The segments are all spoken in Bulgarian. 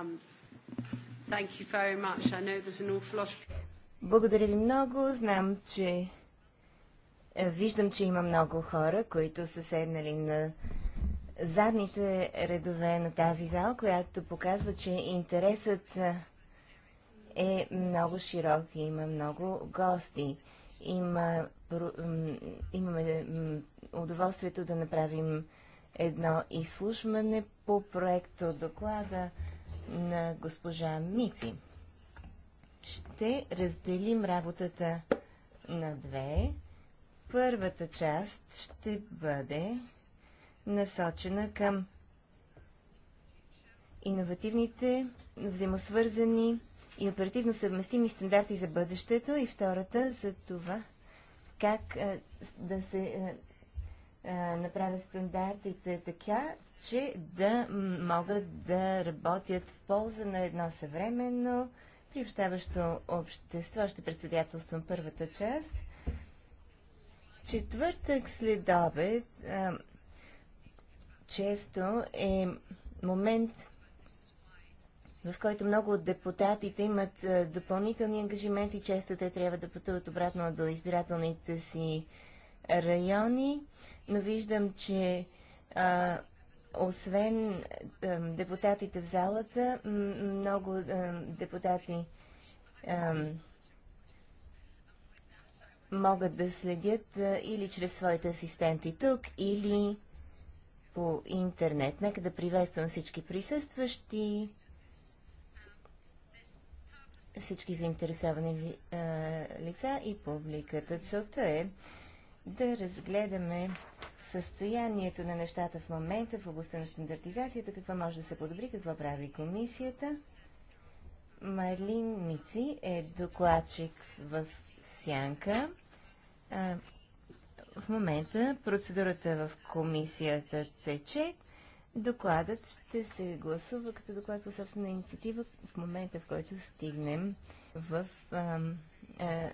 Um, Благодаря ви много. Знам, че е, виждам, че има много хора, които са седнали на задните редове на тази зал, която показва, че интересът е, е много широк и има много гости. Има, имаме удоволствието да направим едно изслушване по проекто доклада на госпожа Мици. Ще разделим работата на две. Първата част ще бъде насочена към иновативните, взаимосвързани и оперативно съвместими стандарти за бъдещето и втората за това как да се направят стандартите така, че да могат да работят в полза на едно съвременно приобщаващо общество. Ще председателствам първата част. Четвъртък след обед а, често е момент, в който много от депутатите имат а, допълнителни ангажименти. Често те трябва да пътуват обратно до избирателните си райони, но виждам, че а, освен е, депутатите в залата, много е, депутати е, могат да следят или чрез своите асистенти тук, или по интернет. Нека да приветствам всички присъстващи, всички заинтересовани лица и публиката. Целта е да разгледаме състоянието на нещата в момента в областта на стандартизацията, какво може да се подобри, какво прави комисията. Марлин Мици е докладчик в Сянка. А, в момента процедурата в комисията тече. Докладът ще се гласува като доклад по собствена инициатива в момента, в който стигнем в а, а, е,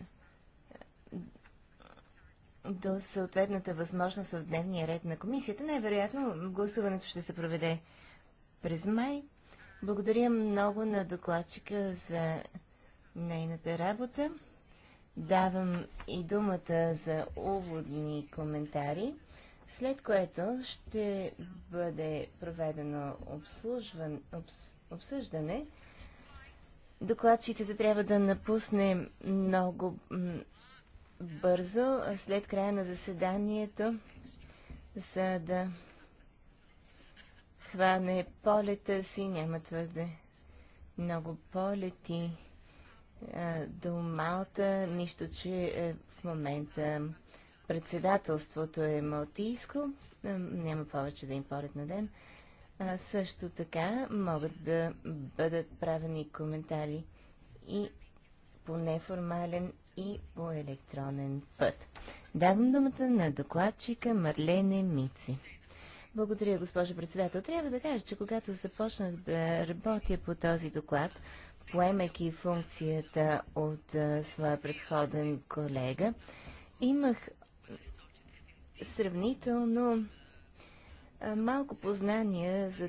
до съответната възможност от дневния ред на комисията. Най-вероятно гласуването ще се проведе през май. Благодаря много на докладчика за нейната работа. Давам и думата за уводни коментари, след което ще бъде проведено обслужван, обс, обсъждане. Докладчицата трябва да напусне много бързо след края на заседанието, за да хване полета си. Няма твърде много полети до Малта, нищо, че е, в момента председателството е малтийско, няма повече да им полет на ден. А, също така могат да бъдат правени коментари и по неформален и по електронен път. Давам думата на докладчика Марлене Мици. Благодаря, госпожо председател. Трябва да кажа, че когато започнах да работя по този доклад, поемайки функцията от а, своя предходен колега, имах сравнително а, малко познания за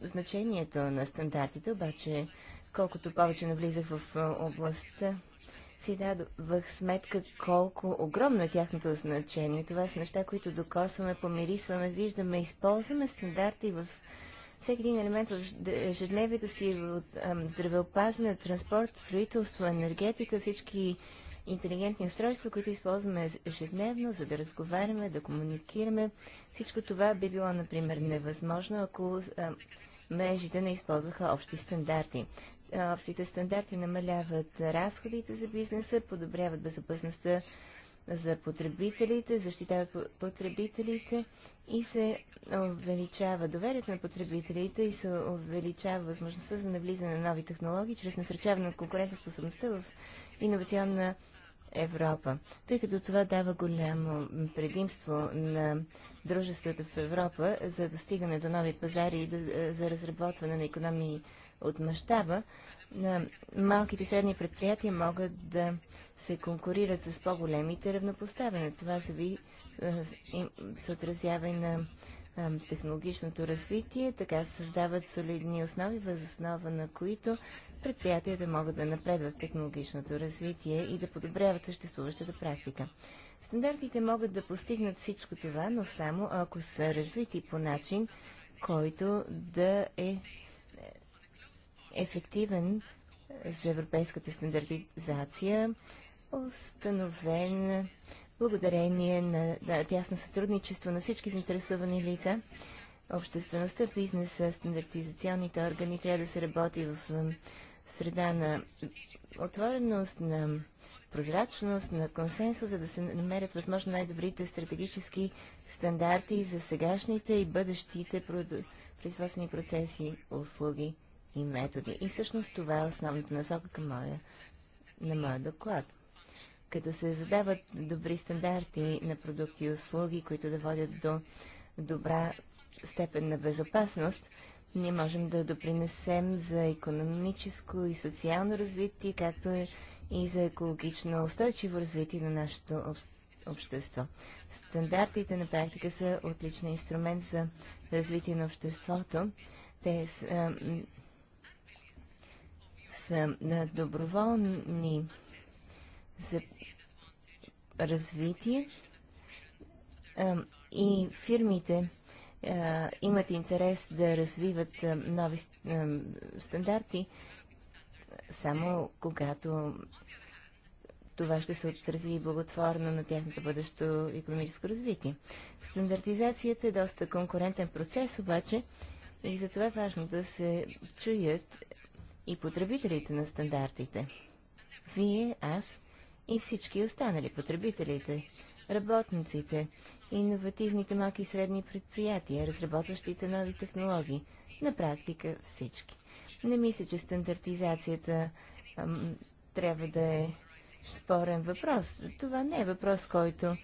значението на стандартите, обаче колкото повече навлизах в областта, си дадох сметка колко огромно е тяхното значение. Това са неща, които докосваме, помирисваме, виждаме, използваме стандарти в всеки един елемент в ежедневието си, в здравеопазване, транспорт, строителство, енергетика, всички интелигентни устройства, които използваме ежедневно, за да разговаряме, да комуникираме. Всичко това би било, например, невъзможно, ако мрежите не използваха общи стандарти. Общите стандарти намаляват разходите за бизнеса, подобряват безопасността за потребителите, защитават потребителите и се увеличава доверието на потребителите и се увеличава възможността за навлизане на нови технологии чрез насърчаване на конкурентоспособността в иновационна Европа, тъй като това дава голямо предимство на дружествата в Европа за достигане до нови пазари и за разработване на економии от мащаба, малките и средни предприятия могат да се конкурират с по-големите равнопоставяне. Това се, ви, е, се отразява и на е, технологичното развитие, така се създават солидни основи, възоснова на които предприятия да могат да напредват в технологичното развитие и да подобряват съществуващата практика. Стандартите могат да постигнат всичко това, но само ако са развити по начин, който да е, е ефективен за европейската стандартизация, установен благодарение на да, тясно сътрудничество на всички заинтересовани лица. Обществеността, бизнеса, стандартизационните органи трябва да се работи в е, среда на отвореност, на прозрачност, на консенсус, за да се намерят възможно най-добрите стратегически стандарти за сегашните и бъдещите производствени процеси, услуги и методи. И всъщност това е основната насока към моя, на моя доклад. Като се задават добри стандарти на продукти и услуги, които да водят до добра степен на безопасност, ние можем да допринесем за економическо и социално развитие, както и за екологично устойчиво развитие на нашето общество. Стандартите на практика са отличен инструмент за развитие на обществото. Те са, са доброволни за развитие и фирмите е, имат интерес да развиват е, нови е, стандарти, само когато това ще се отрази благотворно на тяхното бъдещо економическо развитие. Стандартизацията е доста конкурентен процес, обаче и това е важно да се чуят и потребителите на стандартите. Вие, аз и всички останали потребителите работниците, иновативните малки и средни предприятия, разработващите нови технологии, на практика всички. Не мисля, че стандартизацията ам, трябва да е спорен въпрос. Това не е въпрос, който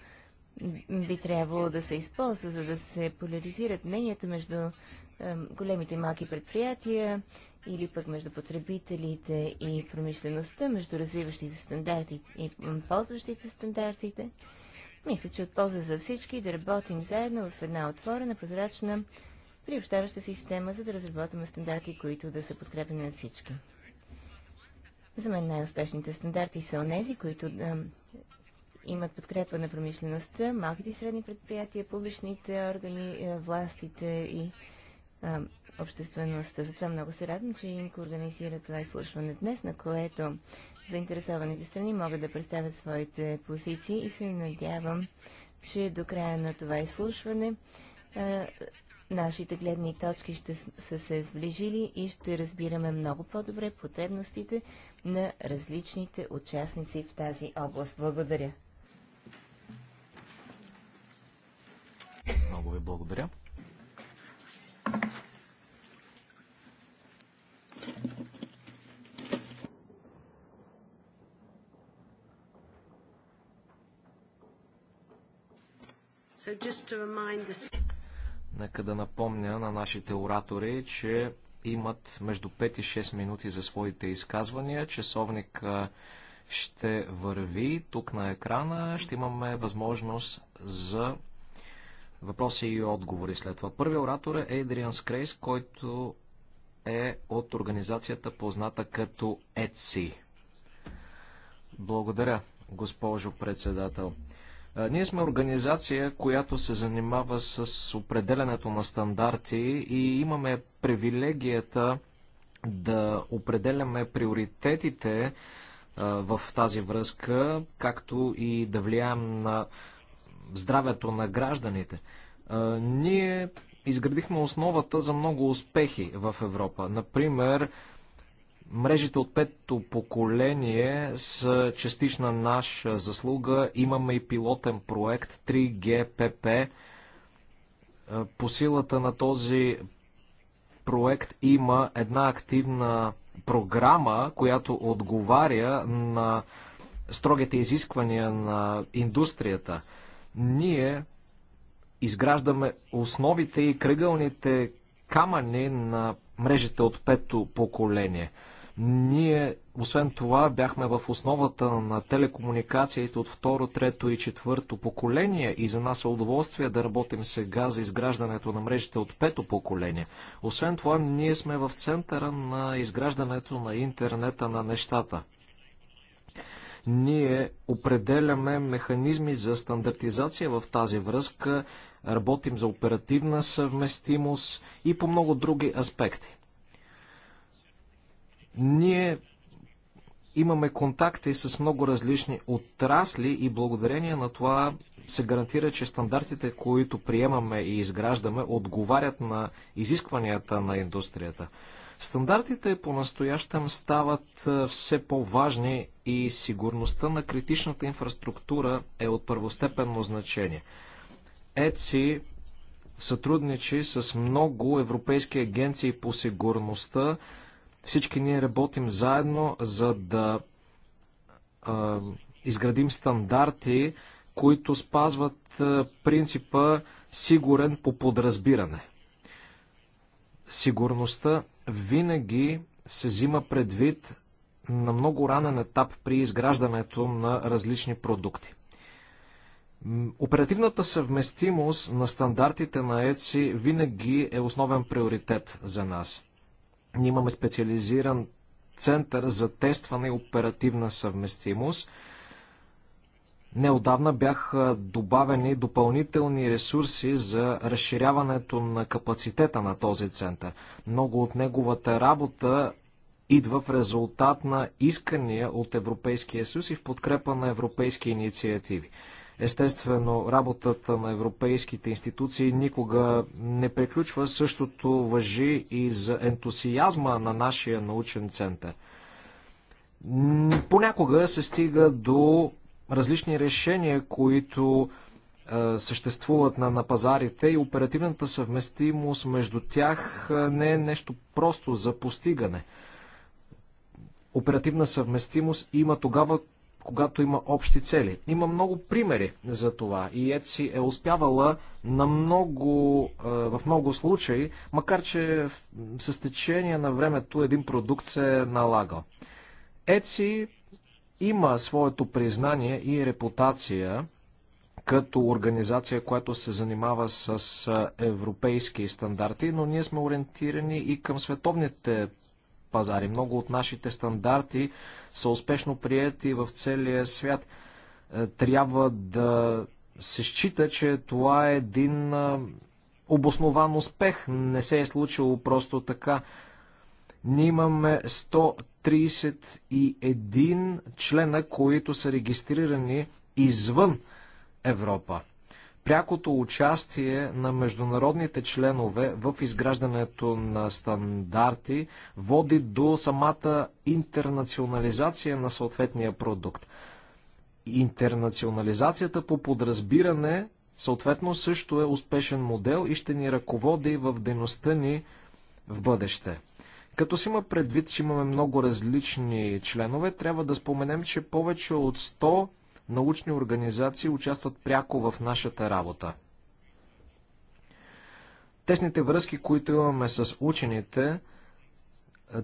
би трябвало да се използва, за да се поляризират мненията между ам, големите и малки предприятия или пък между потребителите и промишлеността, между развиващите стандарти и ползващите стандартите. Мисля, че от полза за всички да работим заедно в една отворена, прозрачна, приобщаваща система, за да разработваме стандарти, които да са подкрепени на всички. За мен най-успешните стандарти са онези, които а, имат подкрепа на промишлеността, малките и средни предприятия, публичните органи, властите и а, обществеността. Затова много се радвам, че Инко организира това изслушване днес, на което заинтересованите страни могат да представят своите позиции и се надявам, че до края на това изслушване нашите гледни точки ще са се сближили и ще разбираме много по-добре потребностите на различните участници в тази област. Благодаря. Много ви благодаря. Нека да напомня на нашите оратори, че имат между 5 и 6 минути за своите изказвания. Часовник ще върви тук на екрана. Ще имаме възможност за въпроси и отговори след това. Първият оратор е Ейдриан Скрейс, който е от организацията позната като ЕЦИ. Благодаря, госпожо председател. Ние сме организация, която се занимава с определенето на стандарти и имаме привилегията да определяме приоритетите в тази връзка, както и да влияем на здравето на гражданите. Ние изградихме основата за много успехи в Европа. Например, Мрежите от пето поколение са частична наша заслуга. Имаме и пилотен проект 3GPP. Е, по силата на този проект има една активна програма, която отговаря на строгите изисквания на индустрията. Ние изграждаме основите и кръгълните камъни на мрежите от пето поколение – ние, освен това, бяхме в основата на телекомуникациите от второ, трето и четвърто поколение и за нас е удоволствие да работим сега за изграждането на мрежите от пето поколение. Освен това, ние сме в центъра на изграждането на интернета на нещата ние определяме механизми за стандартизация в тази връзка, работим за оперативна съвместимост и по много други аспекти. Ние имаме контакти с много различни отрасли и благодарение на това се гарантира, че стандартите, които приемаме и изграждаме, отговарят на изискванията на индустрията. Стандартите по-настоящем стават все по-важни и сигурността на критичната инфраструктура е от първостепенно значение. ЕЦИ сътрудничи с много европейски агенции по сигурността, всички ние работим заедно, за да а, изградим стандарти, които спазват а, принципа сигурен по подразбиране. Сигурността винаги се взима предвид на много ранен етап при изграждането на различни продукти. Оперативната съвместимост на стандартите на ЕЦИ винаги е основен приоритет за нас. Ние имаме специализиран център за тестване и оперативна съвместимост. Неодавна бяха добавени допълнителни ресурси за разширяването на капацитета на този център. Много от неговата работа идва в резултат на искания от Европейския съюз и в подкрепа на европейски инициативи. Естествено, работата на европейските институции никога не приключва. Същото въжи и за ентусиазма на нашия научен център. Понякога се стига до различни решения, които съществуват на, на пазарите и оперативната съвместимост между тях не е нещо просто за постигане. Оперативна съвместимост има тогава, когато има общи цели. Има много примери за това и ЕЦИ е успявала на много, е, в много случаи, макар че с течение на времето един продукт се е налагал. ЕЦИ има своето признание и репутация като организация, която се занимава с е, европейски стандарти, но ние сме ориентирани и към световните пазари. Много от нашите стандарти са успешно прияти в целия свят. Е, трябва да се счита, че това е един е, обоснован успех. Не се е случило просто така. Ние имаме 131 члена, които са регистрирани извън Европа прякото участие на международните членове в изграждането на стандарти води до самата интернационализация на съответния продукт. Интернационализацията по подразбиране съответно също е успешен модел и ще ни ръководи в дейността ни в бъдеще. Като си има предвид, че имаме много различни членове, трябва да споменем, че повече от 100 научни организации участват пряко в нашата работа. Тесните връзки, които имаме с учените,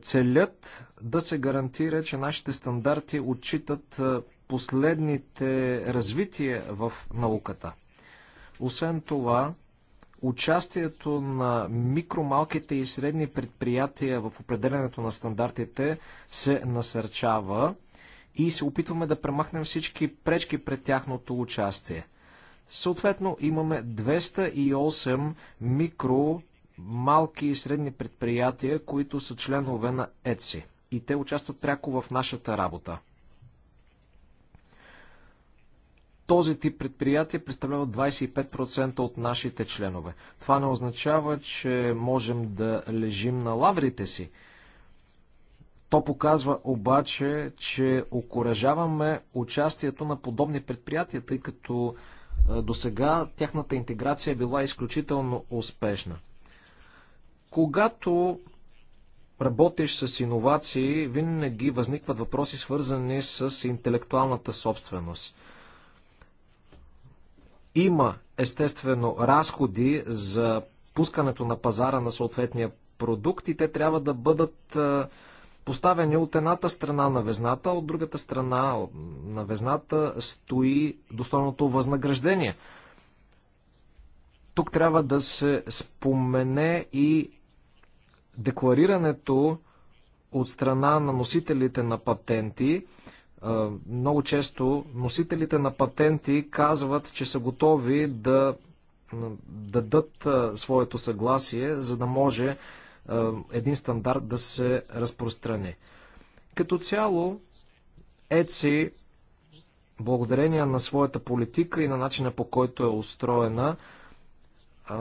целят да се гарантира, че нашите стандарти отчитат последните развития в науката. Освен това, участието на микромалките и средни предприятия в определенето на стандартите се насърчава и се опитваме да премахнем всички пречки пред тяхното участие. Съответно, имаме 208 микро, малки и средни предприятия, които са членове на ЕЦИ. И те участват пряко в нашата работа. Този тип предприятия представлява 25% от нашите членове. Това не означава, че можем да лежим на лаврите си. То показва обаче, че окоръжаваме участието на подобни предприятия, тъй като е, до сега тяхната интеграция е била изключително успешна. Когато работиш с иновации, винаги възникват въпроси свързани с интелектуалната собственост. Има, естествено, разходи за пускането на пазара на съответния продукт и те трябва да бъдат е, поставени от едната страна на везната, а от другата страна на везната стои достойното възнаграждение. Тук трябва да се спомене и декларирането от страна на носителите на патенти. Много често носителите на патенти казват, че са готови да дадат своето съгласие, за да може е, един стандарт да се разпространи. Като цяло, ЕЦИ, благодарение на своята политика и на начина по който е устроена, е,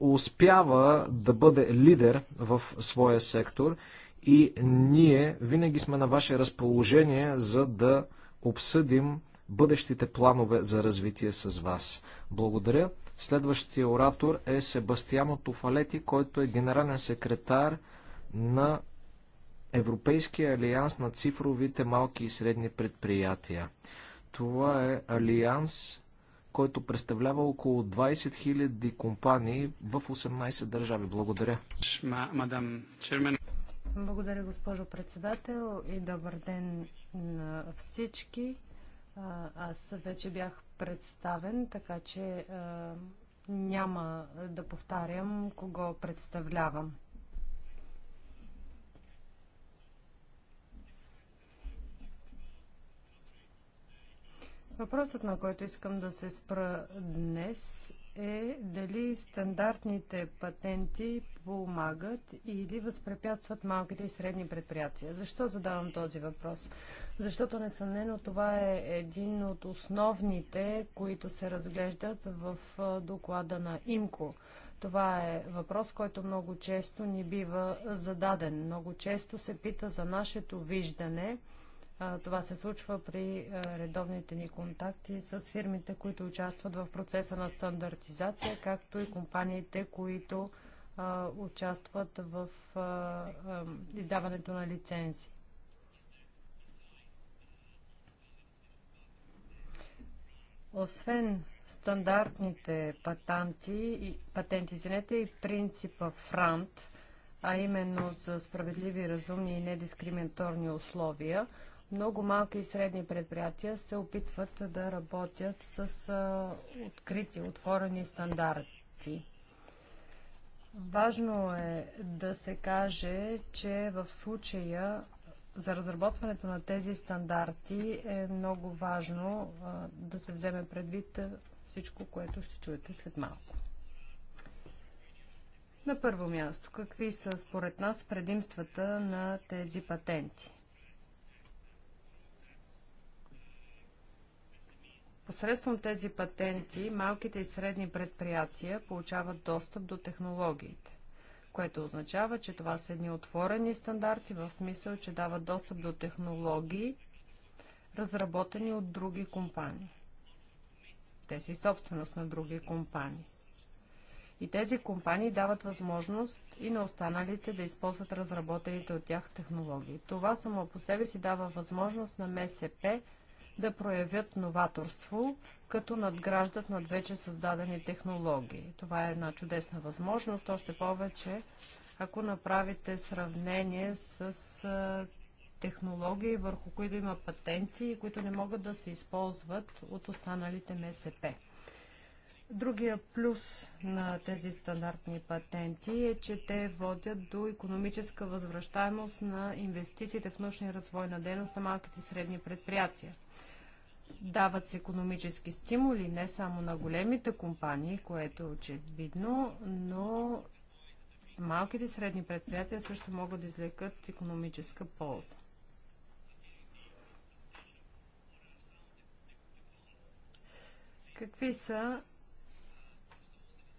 успява да бъде лидер в своя сектор и ние винаги сме на ваше разположение, за да обсъдим бъдещите планове за развитие с вас. Благодаря. Следващия оратор е Себастиано Туфалети, който е генерален секретар на Европейския алианс на цифровите малки и средни предприятия. Това е алианс, който представлява около 20 000 компании в 18 държави. Благодаря. Благодаря, госпожо председател и добър ден на всички. Аз вече бях представен, така че а, няма да повтарям кого представлявам. Въпросът, на който искам да се спра днес е дали стандартните патенти помагат или възпрепятстват малките и средни предприятия. Защо задавам този въпрос? Защото несъмнено това е един от основните, които се разглеждат в доклада на ИМКО. Това е въпрос, който много често ни бива зададен. Много често се пита за нашето виждане – това се случва при редовните ни контакти с фирмите, които участват в процеса на стандартизация, както и компаниите, които участват в издаването на лицензи. Освен стандартните патенти, патенти извинете, и принципа ФРАНТ, а именно за справедливи, разумни и недискриминаторни условия, много малки и средни предприятия се опитват да работят с открити, отворени стандарти. Важно е да се каже, че в случая за разработването на тези стандарти е много важно а, да се вземе предвид всичко, което ще чуете след малко. На първо място, какви са според нас предимствата на тези патенти? Посредством тези патенти малките и средни предприятия получават достъп до технологиите, което означава, че това са едни отворени стандарти в смисъл, че дават достъп до технологии, разработени от други компании. Те и собственост на други компании. И тези компании дават възможност и на останалите да използват разработените от тях технологии. Това само по себе си дава възможност на МСП да проявят новаторство, като надграждат над вече създадени технологии. Това е една чудесна възможност, още повече ако направите сравнение с технологии, върху които има патенти и които не могат да се използват от останалите МСП. Другия плюс на тези стандартни патенти е, че те водят до економическа възвръщаемост на инвестициите в научна и развойна дейност на малките и средни предприятия. Дават се економически стимули не само на големите компании, което е очевидно, но малките и средни предприятия също могат да извлекат економическа полза. Какви са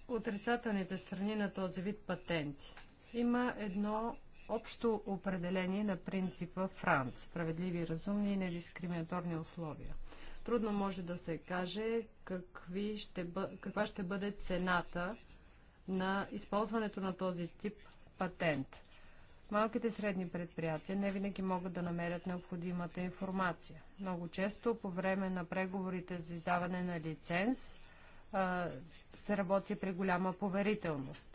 отрицателните страни на този вид патенти? Има едно общо определение на принципа Франц – справедливи, разумни и недискриминаторни условия – Трудно може да се каже какви ще бъ... каква ще бъде цената на използването на този тип патент. Малките и средни предприятия не винаги могат да намерят необходимата информация. Много често по време на преговорите за издаване на лиценз се работи при голяма поверителност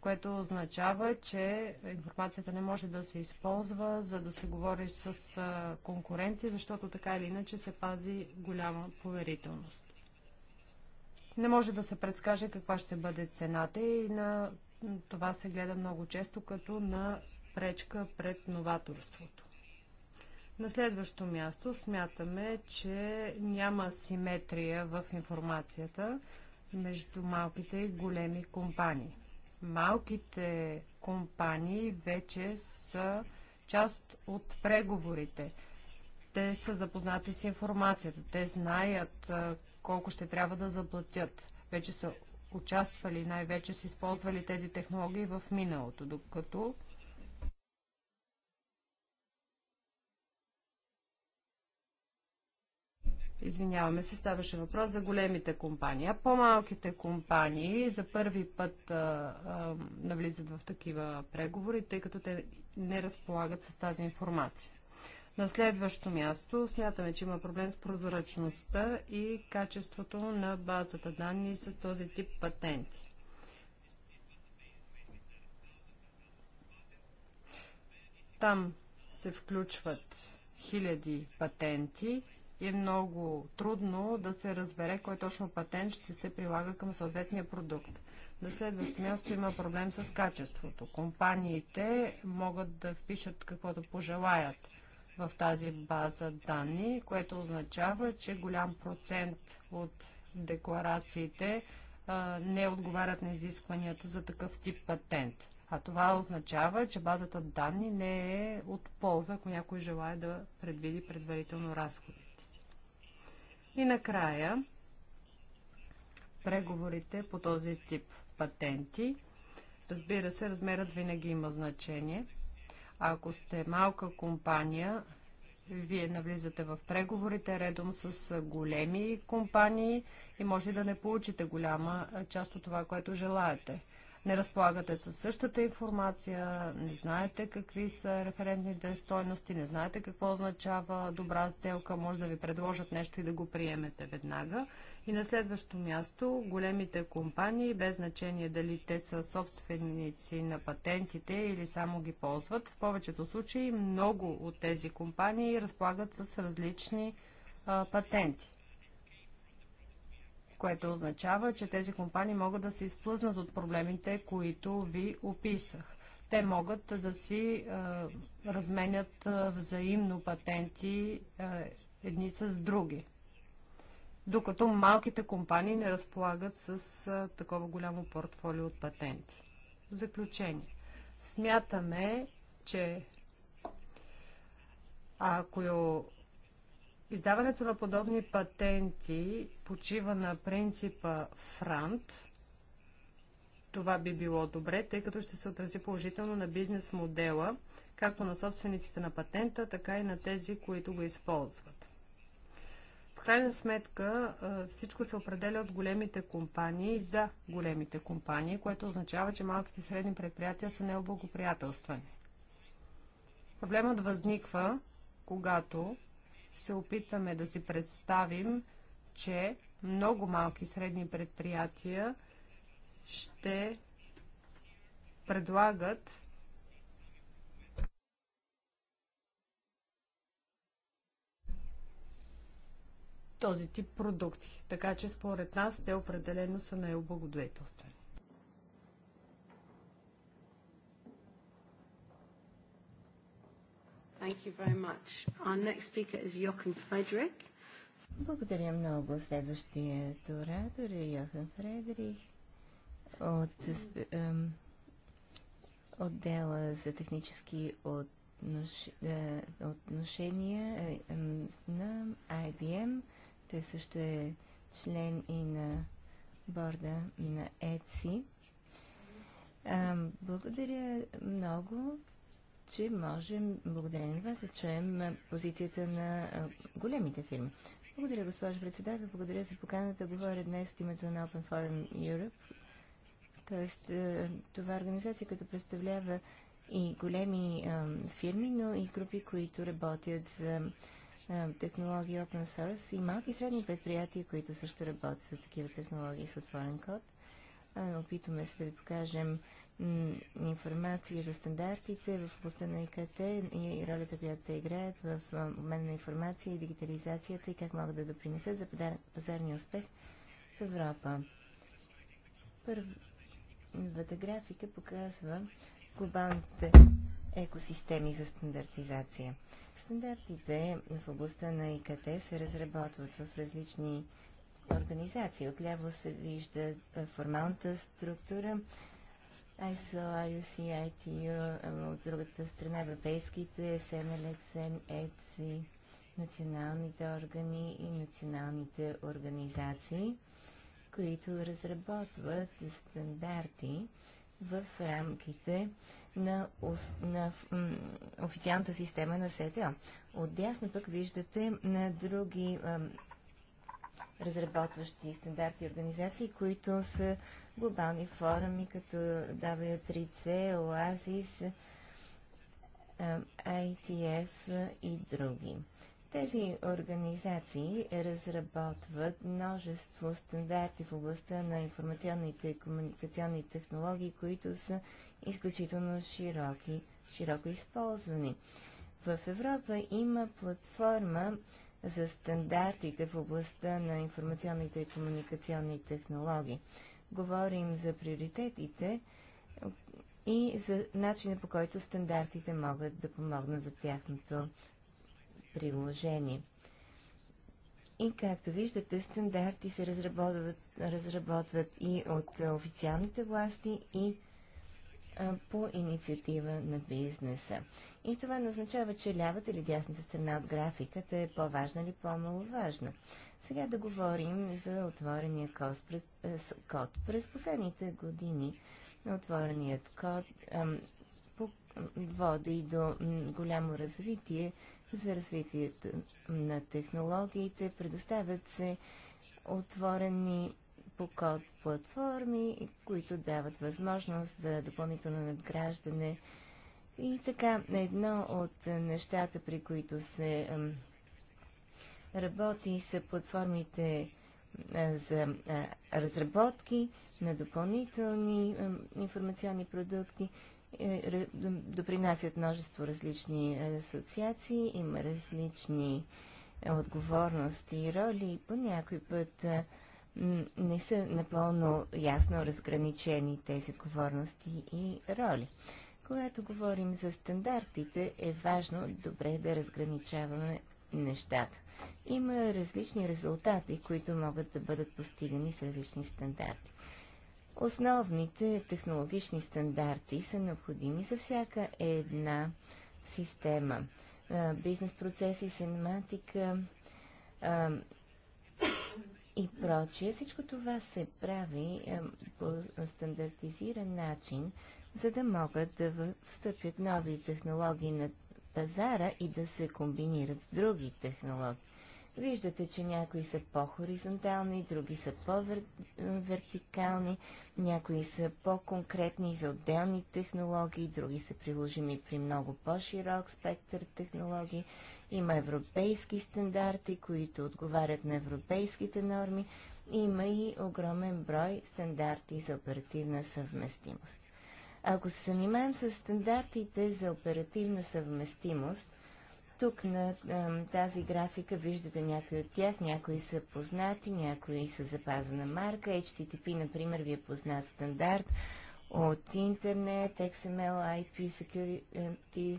което означава, че информацията не може да се използва, за да се говори с конкуренти, защото така или иначе се пази голяма поверителност. Не може да се предскаже каква ще бъде цената и на това се гледа много често като на пречка пред новаторството. На следващо място смятаме, че няма симетрия в информацията между малките и големи компании малките компании вече са част от преговорите. Те са запознати с информацията, те знаят колко ще трябва да заплатят. Вече са участвали, най-вече са използвали тези технологии в миналото, докато Извиняваме се, ставаше въпрос за големите компании. А по-малките компании за първи път а, а, навлизат в такива преговори, тъй като те не разполагат с тази информация. На следващо място смятаме, че има проблем с прозрачността и качеството на базата данни с този тип патенти. Там се включват хиляди патенти, е много трудно да се разбере кой точно патент ще се прилага към съответния продукт. На следващо място има проблем с качеството. Компаниите могат да впишат каквото пожелаят в тази база данни, което означава, че голям процент от декларациите а, не отговарят на изискванията за такъв тип патент. А това означава, че базата данни не е от полза, ако някой желая да предвиди предварително разходи. И накрая, преговорите по този тип патенти. Разбира се, размерът винаги има значение. ако сте малка компания, вие навлизате в преговорите редом с големи компании и може да не получите голяма част от това, което желаете не разполагате със същата информация, не знаете какви са референтните стойности, не знаете какво означава добра сделка, може да ви предложат нещо и да го приемете веднага. И на следващо място, големите компании, без значение дали те са собственици на патентите или само ги ползват, в повечето случаи много от тези компании разполагат с различни а, патенти което означава, че тези компании могат да се изплъзнат от проблемите, които ви описах. Те могат да си а, е, разменят а, е, взаимно патенти а, е, едни с други. Докато малките компании не разполагат с а, такова голямо портфолио от патенти. В заключение. Смятаме, че ако Издаването на подобни патенти почива на принципа Франт. Това би било добре, тъй като ще се отрази положително на бизнес модела, както на собствениците на патента, така и на тези, които го използват. В крайна сметка всичко се определя от големите компании за големите компании, което означава, че малките и средни предприятия са необлагоприятелствани. Проблемът възниква, когато се опитваме да си представим, че много малки средни предприятия ще предлагат този тип продукти. Така че според нас те определено са най-облагодетелствени. Thank you very much. Our next speaker is Jochen Frederick. Благодаря много. Следващият оратор е Йохан Фредрих от отдела за технически е, отношения е, на IBM. Той също е член и на борда на ЕЦИ. Благодаря много че можем, благодарение на вас, да чуем позицията на големите фирми. Благодаря, госпожо председател. Благодаря за поканата. Говоря днес от името на Open Forum Europe. Тоест, това е организация, като представлява и големи фирми, но и групи, които работят за технологии open source и малки и средни предприятия, които също работят за такива технологии с отворен код. опитваме се да ви покажем информация за стандартите в областта на ИКТ и ролята, която те играят в обмен на информация и дигитализацията и как могат да допринесат за пазарния успех в Европа. Първата графика показва глобалните екосистеми за стандартизация. Стандартите в областта на ИКТ се разработват в различни организации. Отляво се вижда формалната структура, ISO, IOC, ITU, от другата страна европейските, СНЛЕКС, ЕЦИ, националните органи и националните организации, които разработват стандарти в рамките на, на официалната система на СТО. Отдясно пък виждате на други разработващи стандарти организации, които са глобални форуми, като W3C, Oasis, ITF и други. Тези организации разработват множество стандарти в областта на информационните и комуникационни технологии, които са изключително широки, широко използвани. В Европа има платформа за стандартите в областта на информационните и комуникационни технологии. Говорим за приоритетите и за начина по който стандартите могат да помогнат за тяхното приложение. И както виждате, стандарти се разработват, разработват и от официалните власти, и по инициатива на бизнеса. И това не означава, че лявата или дясната страна от графиката е по-важна или по-маловажна. Сега да говорим за отворения код през, код. през последните години отвореният код ам, по, води до голямо развитие за развитието на технологиите. Предоставят се отворени по код платформи, които дават възможност за допълнително надграждане. И така, едно от нещата, при които се работи са платформите за разработки на допълнителни информационни продукти. Е, допринасят множество различни асоциации, има различни отговорности и роли. По някой път не са напълно ясно разграничени тези отговорности и роли. Когато говорим за стандартите, е важно добре да разграничаваме нещата. Има различни резултати, които могат да бъдат постигани с различни стандарти. Основните технологични стандарти са необходими за всяка една система. Бизнес процеси, семантика, и прочие. Всичко това се прави е, по стандартизиран начин, за да могат да встъпят нови технологии на пазара и да се комбинират с други технологии. Виждате, че някои са по-хоризонтални, други са по-вертикални, някои са по-конкретни за отделни технологии, други са приложими при много по-широк спектър технологии има европейски стандарти, които отговарят на европейските норми. Има и огромен брой стандарти за оперативна съвместимост. Ако се занимаем с стандартите за оперативна съвместимост, тук на тази графика виждате някои от тях, някои са познати, някои са запазена марка. HTTP, например, ви е познат стандарт от интернет, XML, IP, Security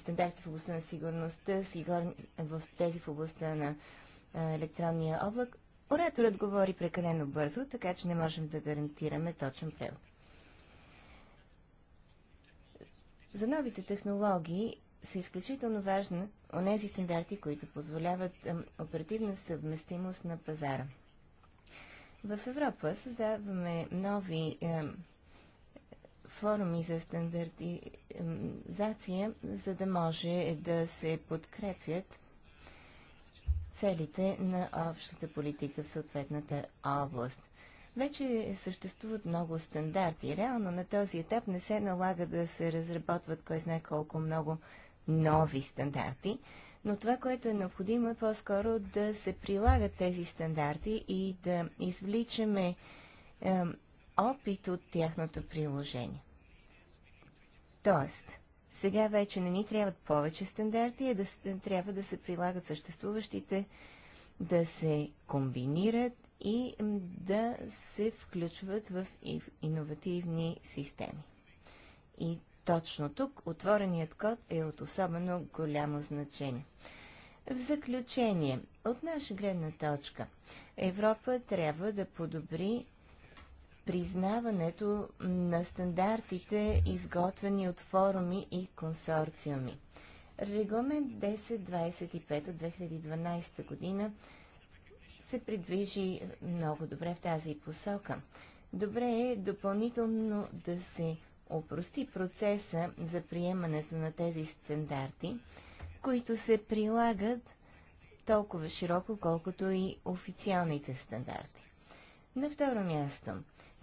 стандарти в областта на сигурността, сигур... в тези в областта на е, електронния облак, ораторът говори прекалено бързо, така че не можем да гарантираме точен превод. За новите технологии са изключително важни онези стандарти, които позволяват оперативна съвместимост на пазара. В Европа създаваме нови е, форуми за стандартизация, за да може да се подкрепят целите на общата политика в съответната област. Вече съществуват много стандарти. Реално на този етап не се налага да се разработват кой знае колко много нови стандарти, но това, което е необходимо е по-скоро да се прилагат тези стандарти и да извличаме е, опит от тяхното приложение. Тоест, сега вече не ни трябват повече стандарти, а да, трябва да се прилагат съществуващите, да се комбинират и да се включват в иновативни системи. И точно тук отвореният код е от особено голямо значение. В заключение, от наша гледна точка, Европа трябва да подобри признаването на стандартите, изготвени от форуми и консорциуми. Регламент 1025 от 2012 година се придвижи много добре в тази посока. Добре е допълнително да се опрости процеса за приемането на тези стандарти, които се прилагат толкова широко, колкото и официалните стандарти. На второ място,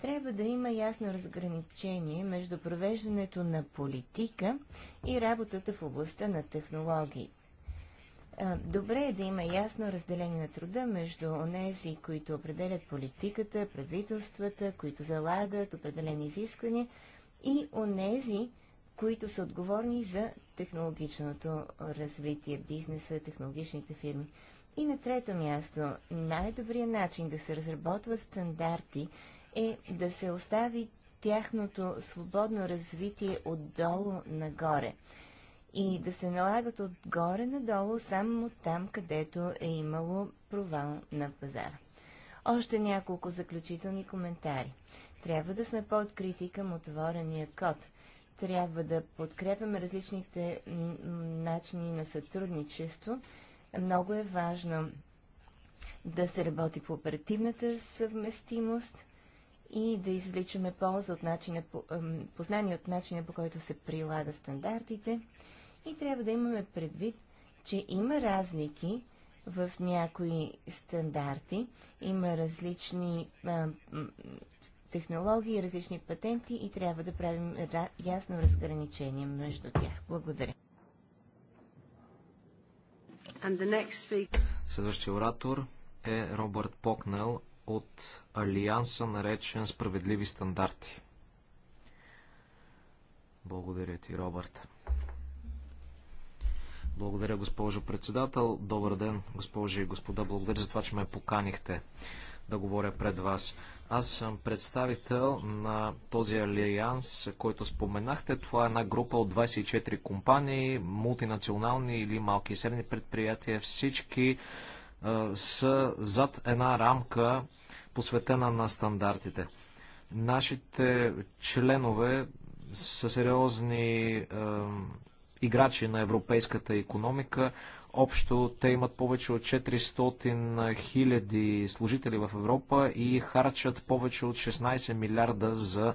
трябва да има ясно разграничение между провеждането на политика и работата в областта на технологии. Добре е да има ясно разделение на труда между онези, които определят политиката, правителствата, които залагат определени изисквания и онези, които са отговорни за технологичното развитие, бизнеса, технологичните фирми. И на трето място, най-добрият начин да се разработват стандарти е да се остави тяхното свободно развитие отдолу нагоре и да се налагат отгоре надолу само там, където е имало провал на пазара. Още няколко заключителни коментари. Трябва да сме по-открити към отворения код. Трябва да подкрепяме различните начини на сътрудничество. Много е важно да се работи по оперативната съвместимост – и да извличаме полза от начина, познание от начина по който се прилага стандартите. И трябва да имаме предвид, че има разлики в някои стандарти, има различни а, технологии, различни патенти и трябва да правим ясно разграничение между тях. Благодаря. Следващия оратор е Робърт Покнел от Алианса, наречен Справедливи стандарти. Благодаря ти, Робърт. Благодаря, госпожо председател. Добър ден, госпожи и господа. Благодаря за това, че ме поканихте да говоря пред вас. Аз съм представител на този алианс, който споменахте. Това е една група от 24 компании, мултинационални или малки и средни предприятия. Всички са зад една рамка, посветена на стандартите. Нашите членове са сериозни е, играчи на европейската економика. Общо те имат повече от 400 хиляди служители в Европа и харчат повече от 16 милиарда за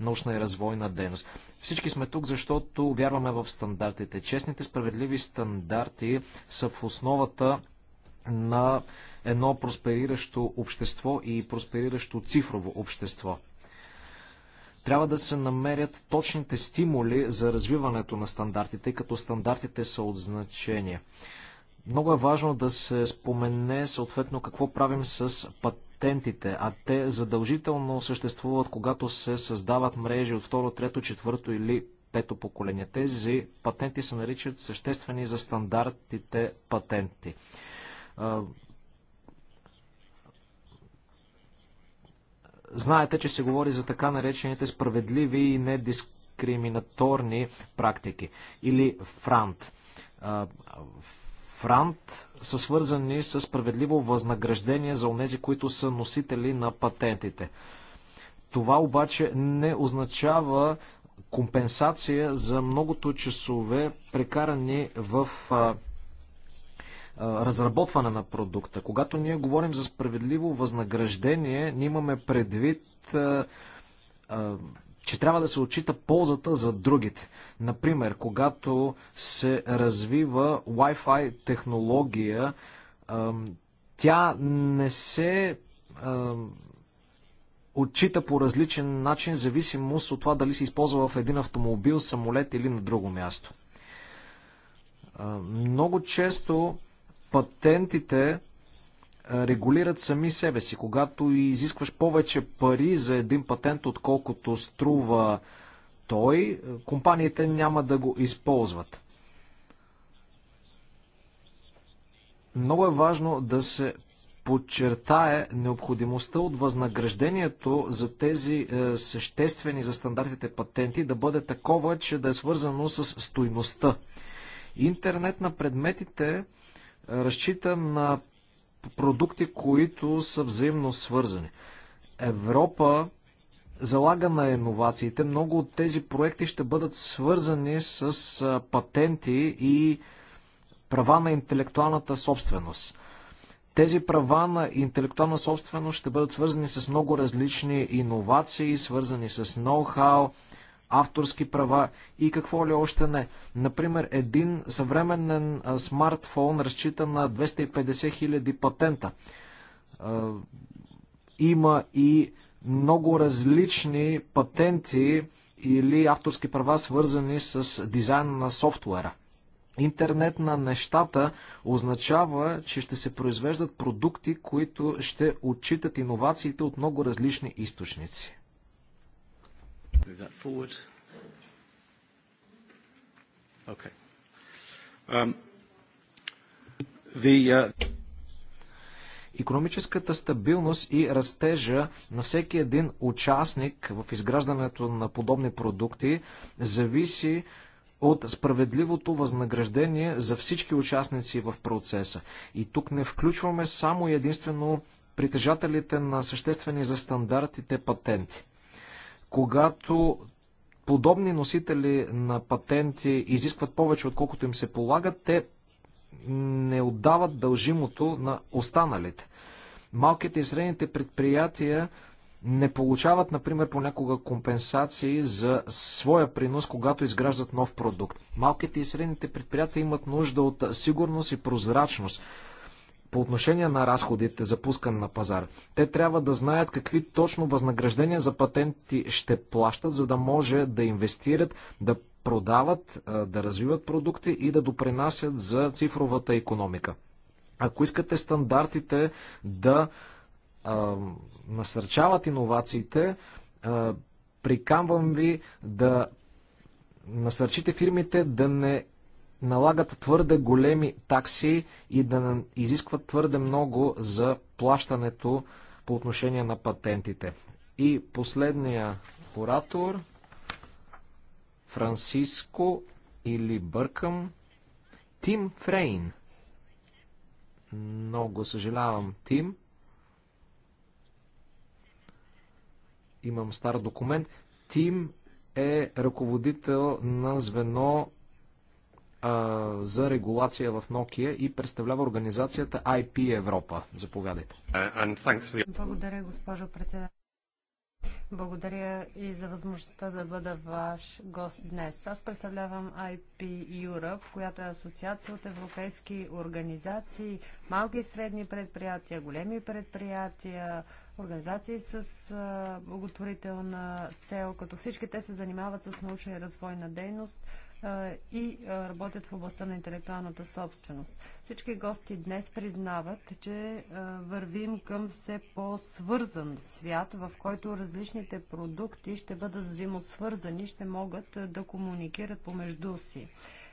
научна и развойна дейност. Всички сме тук, защото вярваме в стандартите. Честните, справедливи стандарти са в основата на едно проспериращо общество и проспериращо цифрово общество. Трябва да се намерят точните стимули за развиването на стандартите, като стандартите са от значение. Много е важно да се спомене съответно какво правим с патентите, а те задължително съществуват, когато се създават мрежи от второ, трето, четвърто или пето поколение. Тези патенти се наричат съществени за стандартите патенти. Знаете, че се говори за така наречените справедливи и недискриминаторни практики или франт. Франт са свързани с справедливо възнаграждение за онези, които са носители на патентите. Това обаче не означава компенсация за многото часове прекарани в разработване на продукта. Когато ние говорим за справедливо възнаграждение, ние имаме предвид, че трябва да се отчита ползата за другите. Например, когато се развива Wi-Fi технология, тя не се отчита по различен начин, зависимост от това дали се използва в един автомобил, самолет или на друго място. Много често Патентите регулират сами себе си. Когато изискваш повече пари за един патент, отколкото струва той, компаниите няма да го използват. Много е важно да се подчертае необходимостта от възнаграждението за тези е, съществени за стандартите патенти да бъде такова, че да е свързано с стойността. Интернет на предметите разчита на продукти, които са взаимно свързани. Европа залага на иновациите. Много от тези проекти ще бъдат свързани с патенти и права на интелектуалната собственост. Тези права на интелектуална собственост ще бъдат свързани с много различни иновации, свързани с ноу-хау, авторски права и какво ли още не. Например, един съвременен смартфон разчита на 250 000 патента. Има и много различни патенти или авторски права, свързани с дизайна на софтуера. Интернет на нещата означава, че ще се произвеждат продукти, които ще отчитат иновациите от много различни източници. Move that forward. Okay. Um, the, uh... Економическата стабилност и растежа на всеки един участник в изграждането на подобни продукти зависи от справедливото възнаграждение за всички участници в процеса. И тук не включваме само единствено притежателите на съществени за стандартите патенти когато подобни носители на патенти изискват повече, отколкото им се полагат, те не отдават дължимото на останалите. Малките и средните предприятия не получават, например, понякога компенсации за своя принос, когато изграждат нов продукт. Малките и средните предприятия имат нужда от сигурност и прозрачност по отношение на разходите за пускане на пазар. Те трябва да знаят какви точно възнаграждения за патенти ще плащат, за да може да инвестират, да продават, да развиват продукти и да допринасят за цифровата економика. Ако искате стандартите да а, насърчават иновациите, а, прикамвам ви да насърчите фирмите да не налагат твърде големи такси и да изискват твърде много за плащането по отношение на патентите. И последния оратор, Франциско или бъркам, Тим Фрейн. Много съжалявам, Тим. Имам стар документ. Тим е ръководител на звено а, за регулация в Nokia и представлява организацията IP Европа. Заповядайте. Благодаря, госпожо председател. Благодаря и за възможността да бъда ваш гост днес. Аз представлявам IP Europe, която е асоциация от европейски организации, малки и средни предприятия, големи предприятия, организации с благотворителна цел, като всички те се занимават с научна и развойна дейност, и работят в областта на интелектуалната собственост. Всички гости днес признават, че вървим към все по-свързан свят, в който различните продукти ще бъдат взаимосвързани, ще могат да комуникират помежду си.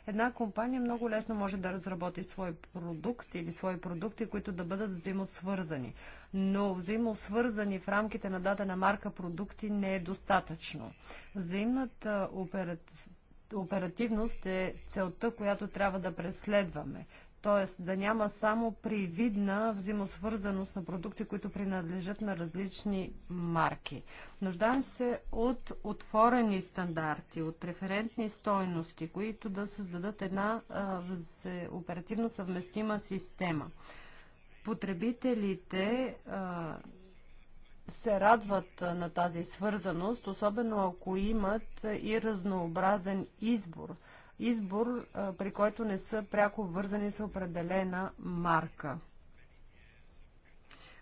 Една компания много лесно може да разработи свой продукт или свои продукти, които да бъдат взаимосвързани. Но взаимосвързани в рамките на дадена марка продукти не е достатъчно. Взаимната операция оперативност е целта, която трябва да преследваме. Тоест да няма само привидна взаимосвързаност на продукти, които принадлежат на различни марки. Нуждаем се от отворени стандарти, от референтни стойности, които да създадат една а, оперативно съвместима система. Потребителите а, се радват на тази свързаност, особено ако имат и разнообразен избор. Избор, при който не са пряко вързани с определена марка.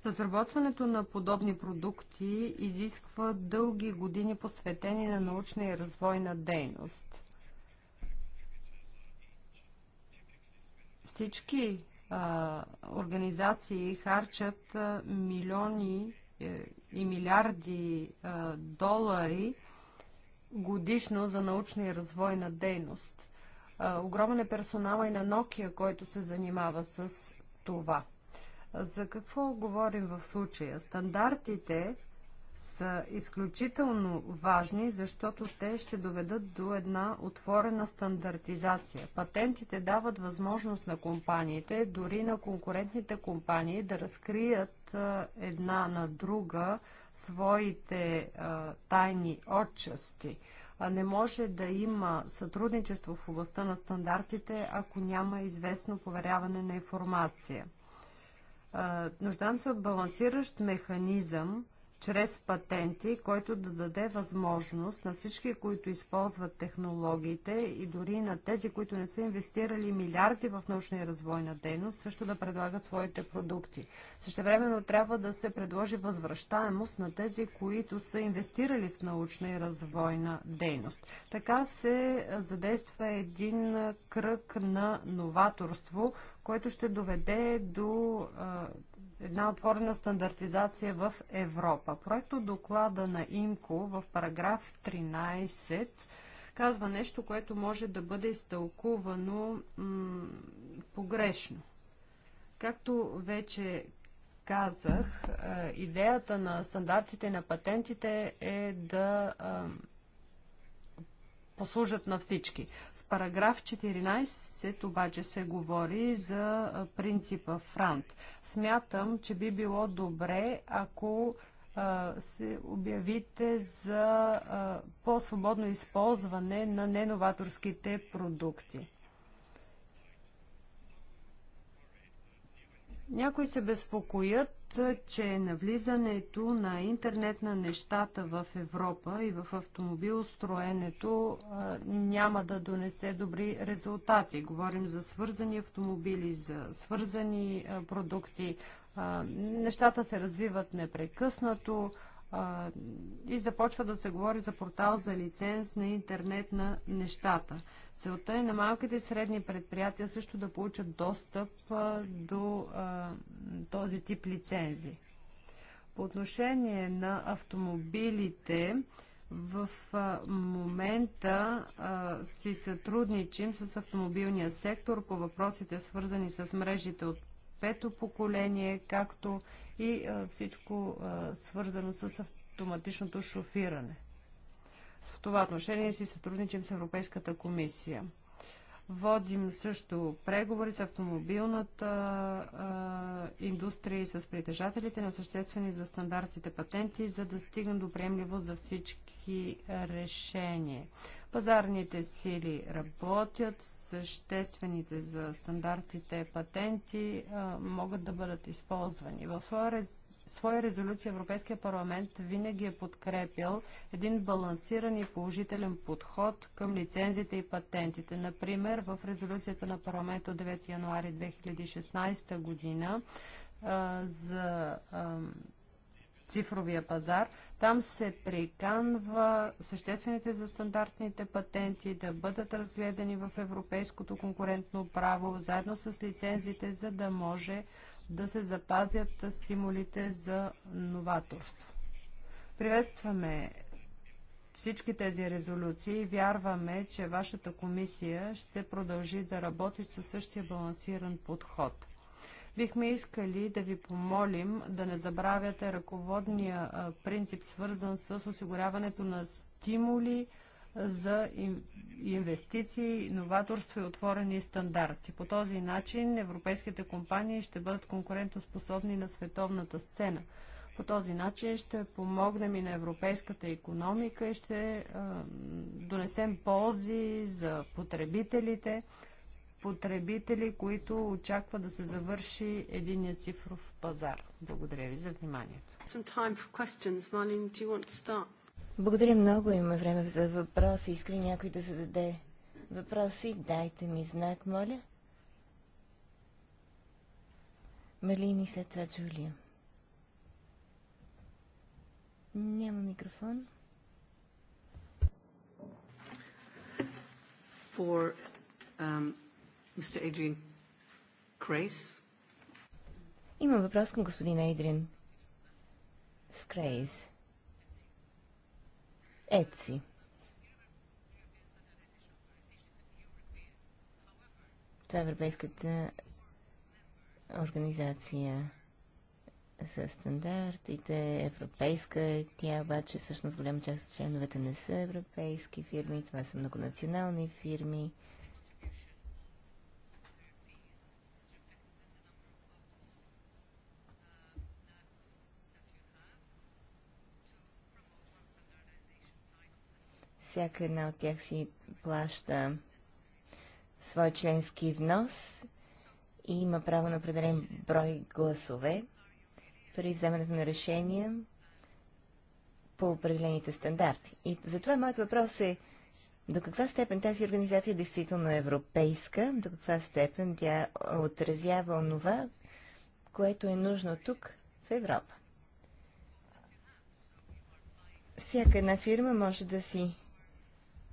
Разработването на подобни продукти изисква дълги години посветени на научна и развойна дейност. Всички а, организации харчат а, милиони е, и милиарди е, долари годишно за научна и развойна дейност. Е, огромен е персонала и на Nokia, който се занимава с това. За какво говорим в случая? Стандартите са изключително важни, защото те ще доведат до една отворена стандартизация. Патентите дават възможност на компаниите, дори на конкурентните компании, да разкрият една на друга своите а, тайни отчасти. А не може да има сътрудничество в областта на стандартите, ако няма известно поверяване на информация. А, нуждам се от балансиращ механизъм, чрез патенти, който да даде възможност на всички, които използват технологиите и дори на тези, които не са инвестирали милиарди в научна и развойна дейност, също да предлагат своите продукти. Същевременно трябва да се предложи възвръщаемост на тези, които са инвестирали в научна и развойна дейност. Така се задейства един кръг на новаторство, което ще доведе до една отворена стандартизация в Европа. Проекто доклада на ИМКО в параграф 13 казва нещо, което може да бъде изтълкувано погрешно. Както вече казах, е, идеята на стандартите на патентите е да послужат на всички параграф 14 обаче се говори за принципа Франт. Смятам, че би било добре, ако се обявите за по-свободно използване на неноваторските продукти. Някои се безпокоят, че навлизането на интернет на нещата в Европа и в автомобилостроенето няма да донесе добри резултати. Говорим за свързани автомобили, за свързани продукти. Нещата се развиват непрекъснато и започва да се говори за портал за лиценз на интернет на нещата. Целта е на малките и средни предприятия също да получат достъп до този тип лицензи. По отношение на автомобилите, в момента а, си сътрудничим с автомобилния сектор по въпросите свързани с мрежите от пето поколение, както и всичко свързано с автоматичното шофиране. В това отношение си сътрудничим с Европейската комисия. Водим също преговори с автомобилната а, индустрия и с притежателите на съществени за стандартите патенти, за да стигнем до приемливост за всички решения. Пазарните сили работят, съществените за стандартите патенти могат да бъдат използвани. В своя резолюция Европейския парламент винаги е подкрепил един балансиран и положителен подход към лицензите и патентите. Например, в резолюцията на парламента от 9 януари 2016 година за цифровия пазар. Там се приканва съществените за стандартните патенти да бъдат разгледани в европейското конкурентно право, заедно с лицензите, за да може да се запазят стимулите за новаторство. Приветстваме всички тези резолюции и вярваме, че вашата комисия ще продължи да работи със същия балансиран подход. Бихме искали да ви помолим да не забравяте ръководния принцип, свързан с осигуряването на стимули за инвестиции, новаторство и отворени стандарти. По този начин европейските компании ще бъдат конкурентоспособни на световната сцена. По този начин ще помогнем и на европейската економика и ще донесем ползи за потребителите потребители, които очаква да се завърши единия цифров пазар. Благодаря ви за вниманието. Благодаря много. Има време за въпроси. Иска ли някой да зададе въпроси? Дайте ми знак, моля. Малини, след това Джулия. Няма микрофон. For um, Mr. Adrian Крейс. Имам въпрос към господин Адриан Скрейс. Еци. Това е Европейската организация за стандартите, европейска е тя обаче всъщност голяма част от членовете не са европейски фирми, това са многонационални фирми. Всяка една от тях си плаща свой членски внос и има право на определен брой гласове при вземането на решения по определените стандарти. И затова моят въпрос е до каква степен тази организация е действително европейска, до каква степен тя отразява онова, което е нужно тук, в Европа. Всяка една фирма може да си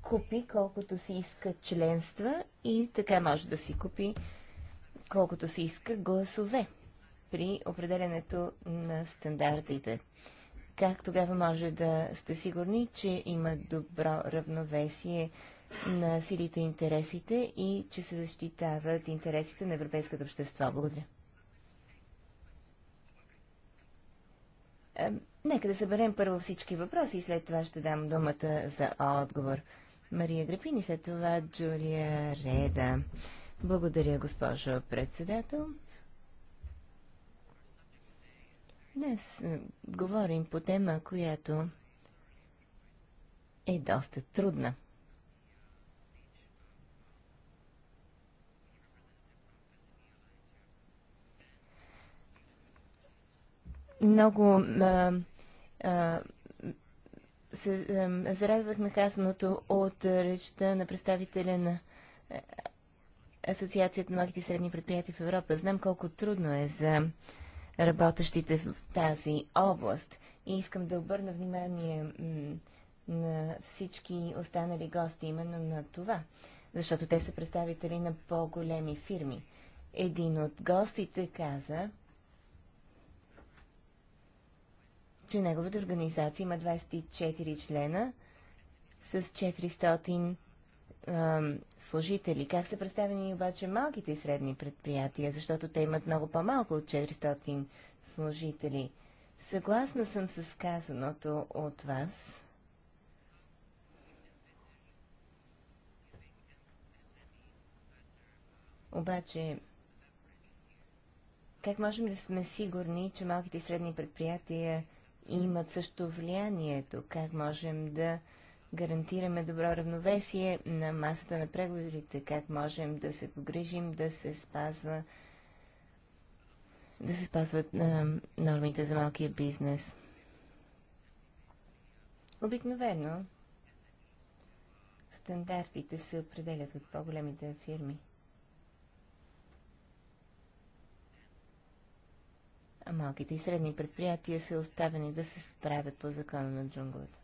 купи колкото си иска членства и така може да си купи колкото си иска гласове при определенето на стандартите. Как тогава може да сте сигурни, че има добро равновесие на силите и интересите и че се защитават интересите на европейското общество? Благодаря. Нека да съберем първо всички въпроси и след това ще дам думата за отговор. Мария Грапини, след това Джулия Реда. Благодаря, госпожо председател. Днес е, говорим по тема, която е доста трудна. Много а, е, а, е, се е, зарадвах на казаното от речта на представителя на е, Асоциацията на малките и средни предприятия в Европа. Знам колко трудно е за работещите в тази област и искам да обърна внимание на всички останали гости именно на това, защото те са представители на по-големи фирми. Един от гостите каза, че неговата организация има 24 члена с 400 служители. Как са представени обаче малките и средни предприятия, защото те имат много по-малко от 400 служители? Съгласна съм с казаното от вас. Обаче, как можем да сме сигурни, че малките и средни предприятия имат също влиянието, как можем да гарантираме добро равновесие на масата на преговорите, как можем да се погрижим да се спазва да се спазват е, нормите за малкия бизнес. Обикновено стандартите се определят от по-големите фирми. а малките и средни предприятия са оставени да се справят по закона на джунглата.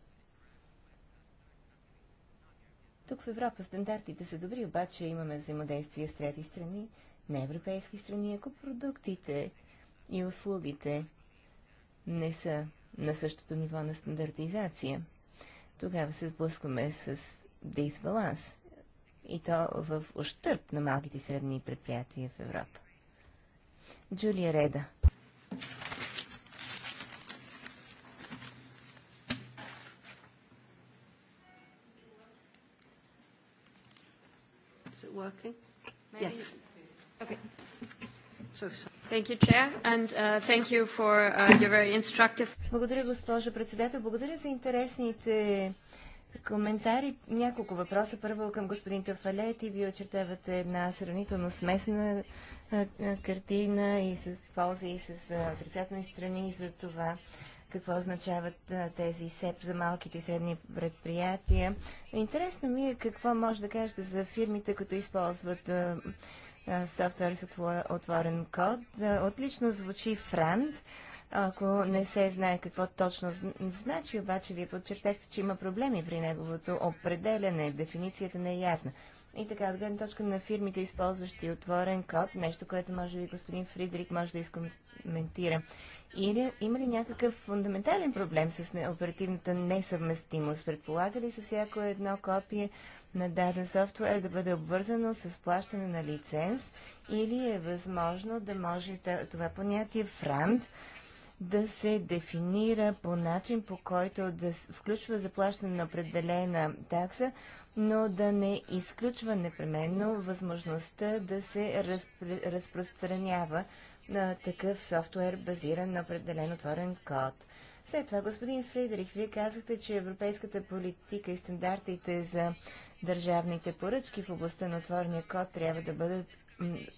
Тук в Европа стандартите са добри, обаче имаме взаимодействие с трети страни, не европейски страни. Ако продуктите и услугите не са на същото ниво на стандартизация, тогава се сблъскваме с дисбаланс. И то в ущърп на малките и средни предприятия в Европа. Джулия Реда – working? Yes. Okay. Благодаря, госпожо председател. Благодаря за интересните коментари. Няколко въпроса. Първо към господин Тафалет и ви очертавате една сравнително смесена картина и с полза и с отрицателни страни за това какво означават а, тези СЕП за малките и средни предприятия. Интересно ми е какво може да кажете за фирмите, които използват а, а, софтуер с отворен код. Отлично звучи Франт. Ако не се знае какво точно значи, обаче вие подчертахте, че има проблеми при неговото определене. Дефиницията не е ясна. И така, от гледна точка на фирмите, използващи отворен код, нещо, което може би господин Фридрик може да изкоментира. Или, има ли някакъв фундаментален проблем с оперативната несъвместимост? Предполага ли се всяко едно копие на даден софтуер да бъде обвързано с плащане на лиценз? Или е възможно да може това понятие франт? да се дефинира по начин, по който да включва заплащане на определена такса, но да не изключва непременно възможността да се разпространява на такъв софтуер, базиран на определен отворен код. След това, господин Фридрих, вие казахте, че европейската политика и стандартите за държавните поръчки в областта на отворния код трябва да бъдат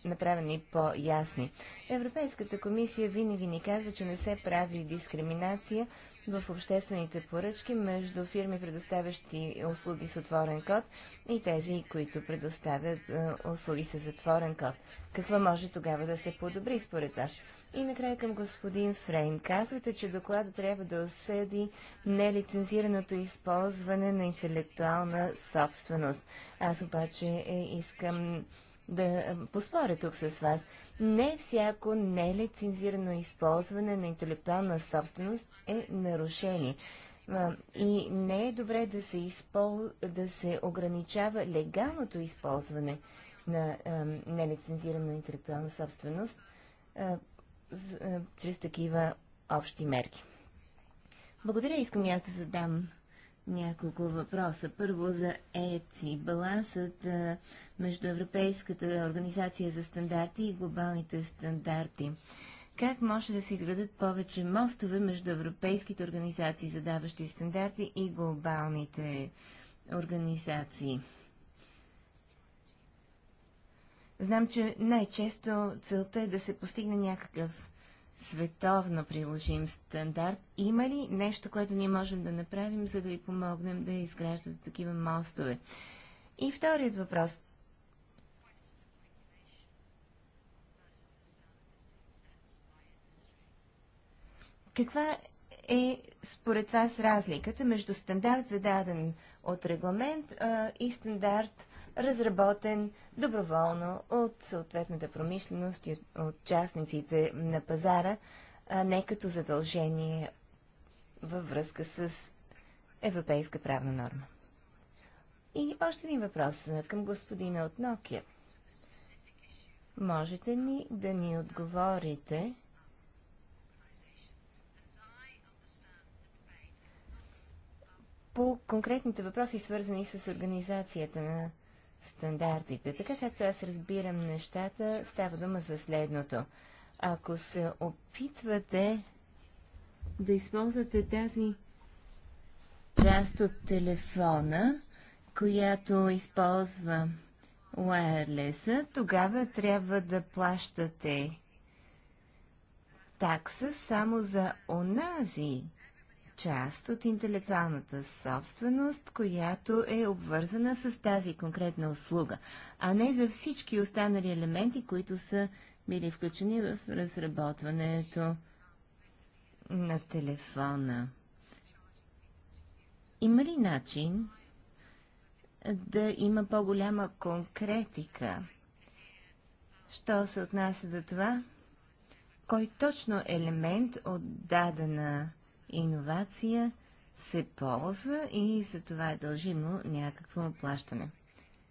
направени по-ясни. Европейската комисия винаги ни казва, че не се прави дискриминация в обществените поръчки между фирми, предоставящи услуги с отворен код и тези, които предоставят е, услуги с затворен код. Какво може тогава да се подобри според вас? И накрая към господин Фрейн. Казвате, че докладът трябва да осъди нелицензираното използване на интелектуална собственост. Аз обаче е, искам да е, поспоря тук с вас. Не всяко нелицензирано използване на интелектуална собственост е нарушение. И не е добре да се, изпол... да се ограничава легалното използване на нелицензирана интелектуална собственост а, а, чрез такива общи мерки. Благодаря, искам и аз да задам няколко въпроса. Първо за ЕЦИ. Балансът а, между Европейската организация за стандарти и глобалните стандарти. Как може да се изградат повече мостове между европейските организации, задаващи стандарти и глобалните организации? Знам, че най-често целта е да се постигне някакъв световно приложим стандарт. Има ли нещо, което ние можем да направим, за да ви помогнем да изграждате такива мостове? И вторият въпрос. Каква е според вас разликата между стандарт зададен от регламент а, и стандарт разработен доброволно от съответната промишленост и от частниците на пазара, а не като задължение във връзка с европейска правна норма. И още един въпрос към господина от Nokia. Можете ли да ни отговорите по конкретните въпроси, свързани с организацията на стандартите. Така както аз разбирам нещата, става дума за следното. Ако се опитвате да използвате тази част от телефона, която използва wireless тогава трябва да плащате такса само за онази част от интелектуалната собственост, която е обвързана с тази конкретна услуга, а не за всички останали елементи, които са били включени в разработването на телефона. Има ли начин да има по-голяма конкретика? Що се отнася до това? Кой точно елемент от дадена иновация се ползва и за това е дължимо някакво плащане.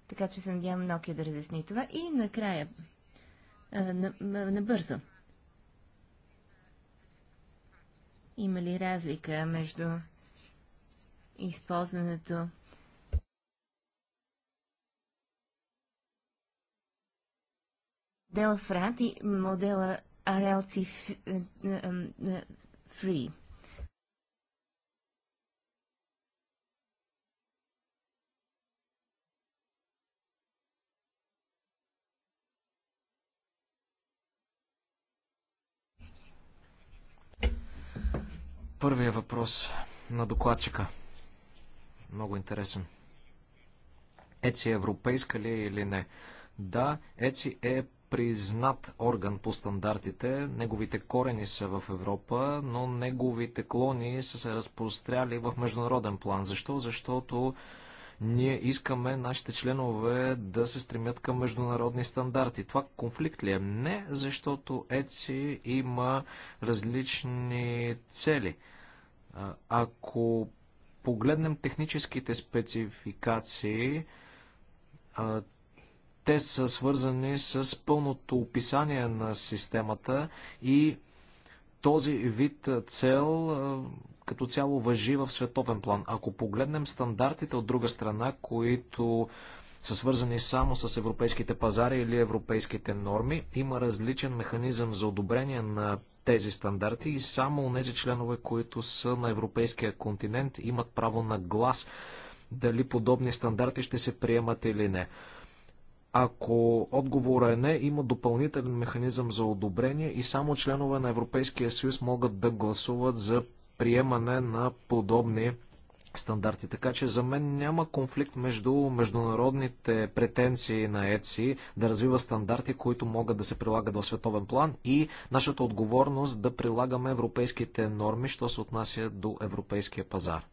Така че се надявам Nokia да разясни това. И накрая, набързо. Има ли разлика между използването Дел Фрат и модела RLT е, е, е, Free? Първия въпрос на докладчика. Много интересен. ЕЦИ е европейска ли е или не? Да, ЕЦИ е признат орган по стандартите. Неговите корени са в Европа, но неговите клони са се разпростряли в международен план. Защо? Защото ние искаме нашите членове да се стремят към международни стандарти. Това конфликт ли е? Не, защото ЕЦИ има различни цели. Ако погледнем техническите спецификации, те са свързани с пълното описание на системата и този вид цел като цяло въжи в световен план. Ако погледнем стандартите от друга страна, които са свързани само с европейските пазари или европейските норми. Има различен механизъм за одобрение на тези стандарти и само тези членове, които са на европейския континент, имат право на глас дали подобни стандарти ще се приемат или не. Ако отговора е не, има допълнителен механизъм за одобрение и само членове на Европейския съюз могат да гласуват за приемане на подобни стандарти. Така че за мен няма конфликт между международните претенции на ЕЦИ да развива стандарти, които могат да се прилагат в световен план и нашата отговорност да прилагаме европейските норми, що се отнася до европейския пазар.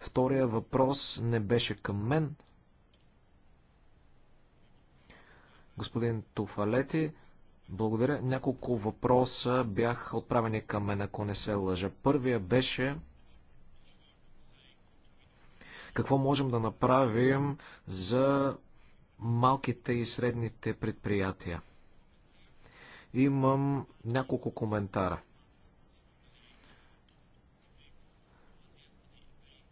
Втория въпрос не беше към мен, господин Туфалети. Благодаря. Няколко въпроса бях отправени към мен, ако не се лъжа. Първия беше какво можем да направим за малките и средните предприятия. Имам няколко коментара.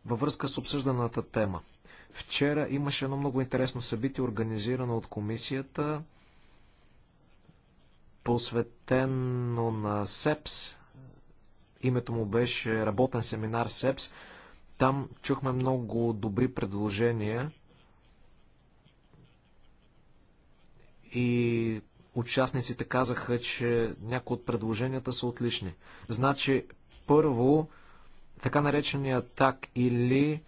Във връзка с обсъжданата тема – Вчера имаше едно много интересно събитие, организирано от комисията, посветено на СЕПС. Името му беше работен семинар СЕПС. Там чухме много добри предложения и участниците казаха, че някои от предложенията са отлични. Значи, първо, така наречения так или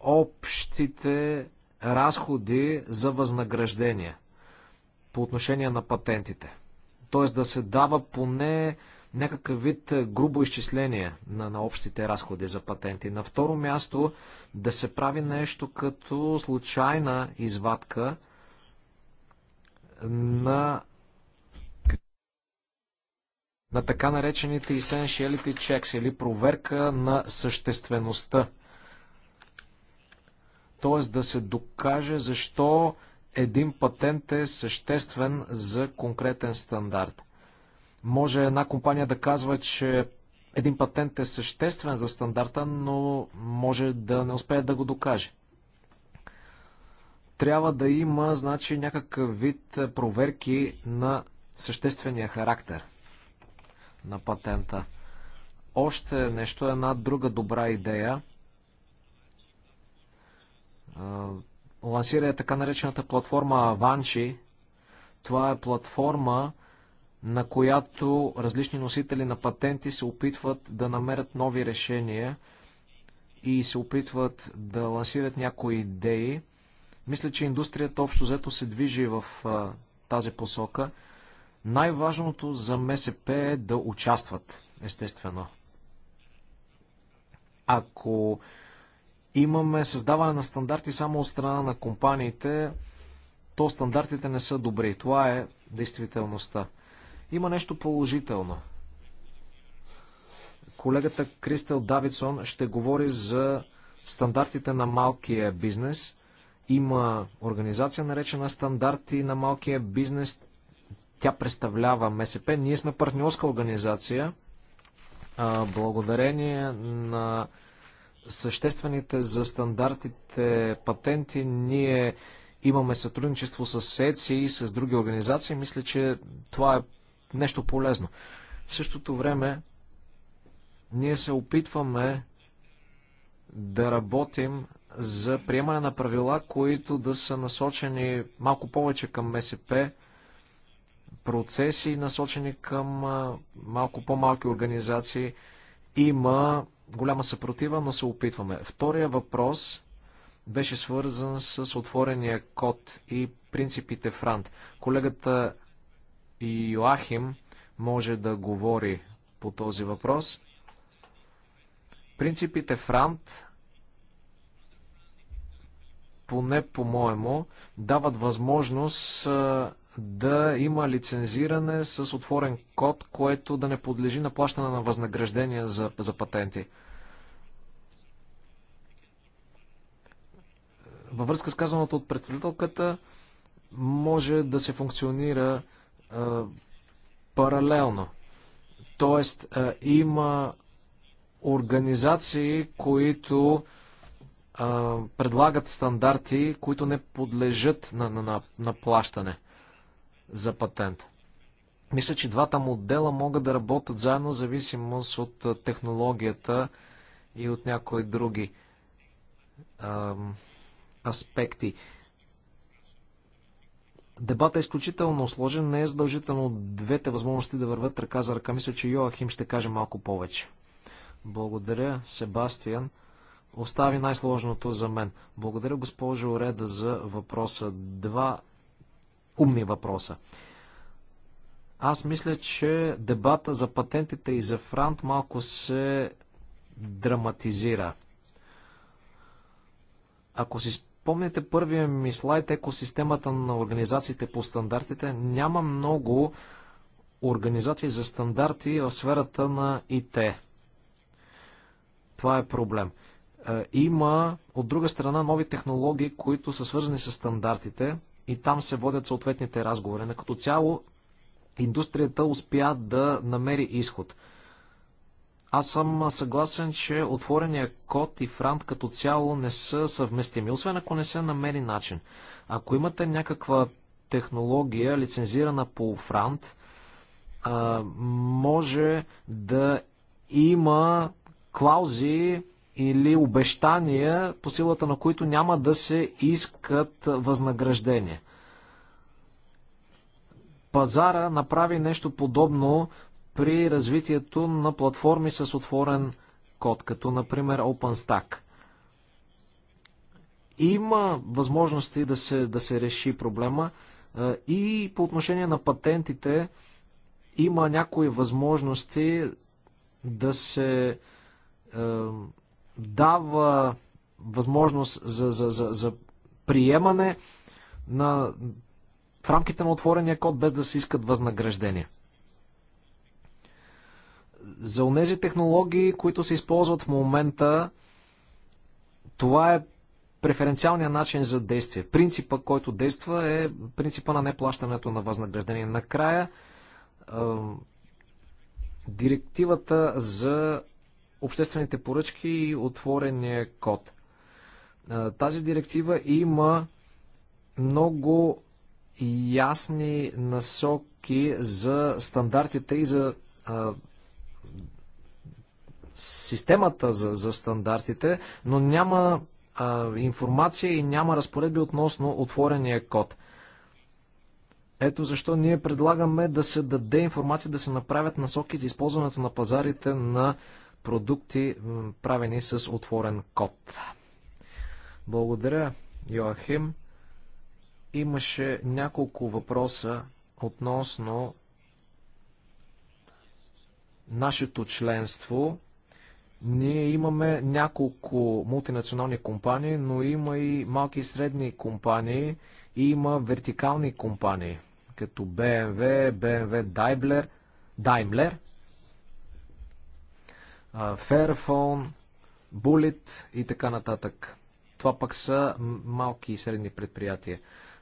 общите разходи за възнаграждения по отношение на патентите. Тоест да се дава поне някакъв вид е, грубо изчисление на, на общите разходи за патенти. На второ място да се прави нещо като случайна извадка на на така наречените essentiality checks или проверка на съществеността т.е. да се докаже защо един патент е съществен за конкретен стандарт. Може една компания да казва, че един патент е съществен за стандарта, но може да не успее да го докаже. Трябва да има, значи, някакъв вид проверки на съществения характер на патента. Още нещо, една друга добра идея лансира е така наречената платформа Аванчи. Това е платформа, на която различни носители на патенти се опитват да намерят нови решения и се опитват да лансират някои идеи. Мисля, че индустрията общо взето се движи в а, тази посока. Най-важното за МСП е да участват, естествено. Ако имаме създаване на стандарти само от страна на компаниите, то стандартите не са добри. Това е действителността. Има нещо положително. Колегата Кристел Давидсон ще говори за стандартите на малкия бизнес. Има организация наречена Стандарти на малкия бизнес. Тя представлява МСП. Ние сме партньорска организация. Благодарение на съществените за стандартите патенти ние имаме сътрудничество с СЕЦИ и с други организации. Мисля, че това е нещо полезно. В същото време ние се опитваме да работим за приемане на правила, които да са насочени малко повече към МСП, процеси насочени към малко по-малки организации. Има голяма съпротива, но се опитваме. Втория въпрос беше свързан с отворения код и принципите Франт. Колегата Йоахим може да говори по този въпрос. Принципите Франт, поне по-моему, дават възможност да има лицензиране с отворен код, което да не подлежи на плащане на възнаграждения за, за патенти. Във връзка с казаното от председателката, може да се функционира е, паралелно. Тоест, е, има организации, които предлагат стандарти, които не подлежат на, на, на, на плащане за патент. Мисля, че двата модела могат да работят заедно в зависимост от технологията и от някои други ам, аспекти. Дебата е изключително сложен, не е задължително двете възможности да върват ръка за ръка. Мисля, че Йоахим ще каже малко повече. Благодаря, Себастиан. Остави най-сложното за мен. Благодаря, госпожо Реда, за въпроса. Два умни въпроса. Аз мисля, че дебата за патентите и за Франт малко се драматизира. Ако си спомняте първия ми слайд, екосистемата на организациите по стандартите, няма много организации за стандарти в сферата на ИТ. Това е проблем. Е, има, от друга страна, нови технологии, които са свързани с стандартите и там се водят съответните разговори. На като цяло индустрията успя да намери изход. Аз съм съгласен, че отворения код и франт като цяло не са съвместими, освен ако не се намери начин. Ако имате някаква технология, лицензирана по франт, може да има клаузи или обещания, по силата на които няма да се искат възнаграждения. Пазара направи нещо подобно при развитието на платформи с отворен код, като например OpenStack. Има възможности да се, да се реши проблема и по отношение на патентите има някои възможности да се дава възможност за, за, за, за приемане на, в рамките на отворения код, без да се искат възнаграждения. За онези технологии, които се използват в момента, това е преференциалният начин за действие. Принципа, който действа е принципа на неплащането на възнаграждение. Накрая, директивата за обществените поръчки и отворения код. Тази директива има много ясни насоки за стандартите и за системата за, за стандартите, но няма а, информация и няма разпоредби относно отворения код. Ето защо ние предлагаме да се даде информация, да се направят насоки за използването на пазарите на продукти, правени с отворен код. Благодаря, Йоахим. Имаше няколко въпроса относно нашето членство. Ние имаме няколко мултинационални компании, но има и малки и средни компании и има вертикални компании, като BMW, BMW Daimler, Daimler Fairphone, Bullet и така нататък. Това пък са малки и средни предприятия.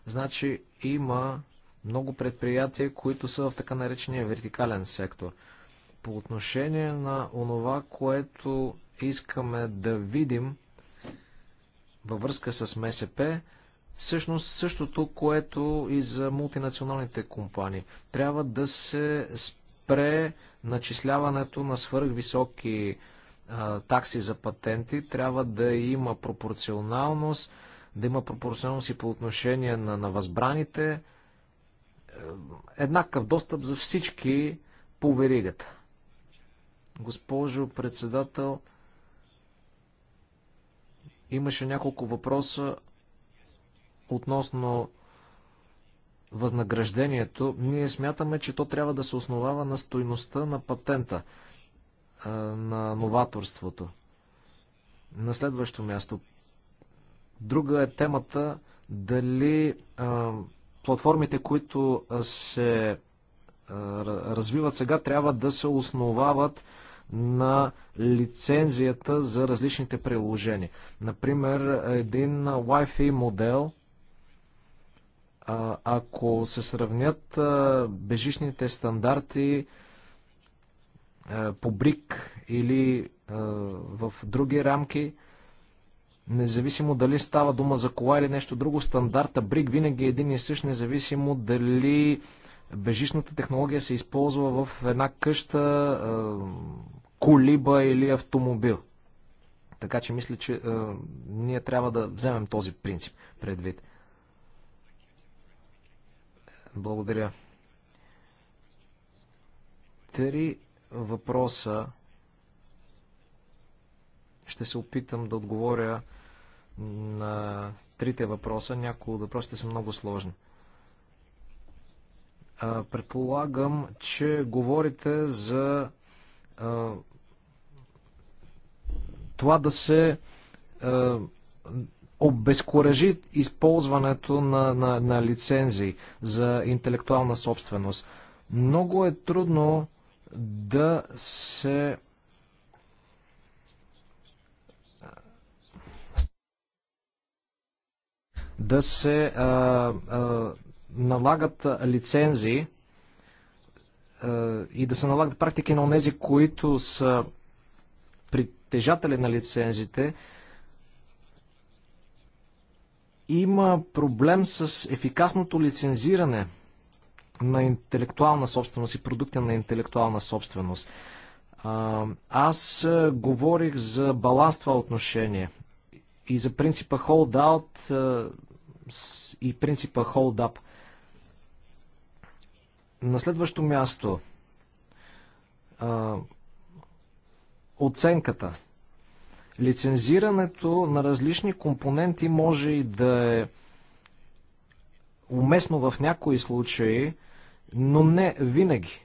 Значи има много предприятия, които са в така наречения вертикален сектор. По отношение на онова, което искаме да видим във връзка с МСП, всъщност същото, което и за мултинационалните компании. Трябва да се спре начисляването на свърхвисоки а, такси за патенти. Трябва да има пропорционалност, да има пропорционалност и по отношение на, на възбраните. Е, еднакъв достъп за всички по веригата. Госпожо председател, имаше няколко въпроса относно възнаграждението, ние смятаме, че то трябва да се основава на стойността на патента, на новаторството. На следващо място. Друга е темата дали а, платформите, които се а, развиват сега, трябва да се основават на лицензията за различните приложения. Например, един Wi-Fi модел ако се сравнят бежичните стандарти по БРИК или в други рамки, независимо дали става дума за кола или нещо друго, стандарта БРИК винаги е един и същ, независимо дали бежичната технология се използва в една къща, колиба или автомобил. Така че мисля, че ние трябва да вземем този принцип предвид. Благодаря. Три въпроса ще се опитам да отговоря на трите въпроса. Някои от въпросите са много сложни. Предполагам, че говорите за това да се обезкуражи използването на, на, на лицензии за интелектуална собственост. Много е трудно да се да се а, а, налагат лицензии а, и да се налагат практики на онези, които са притежатели на лицензите, има проблем с ефикасното лицензиране на интелектуална собственост и продукти на интелектуална собственост. Аз говорих за баланс това отношение и за принципа hold out и принципа hold up. На следващо място оценката Лицензирането на различни компоненти може и да е уместно в някои случаи, но не винаги.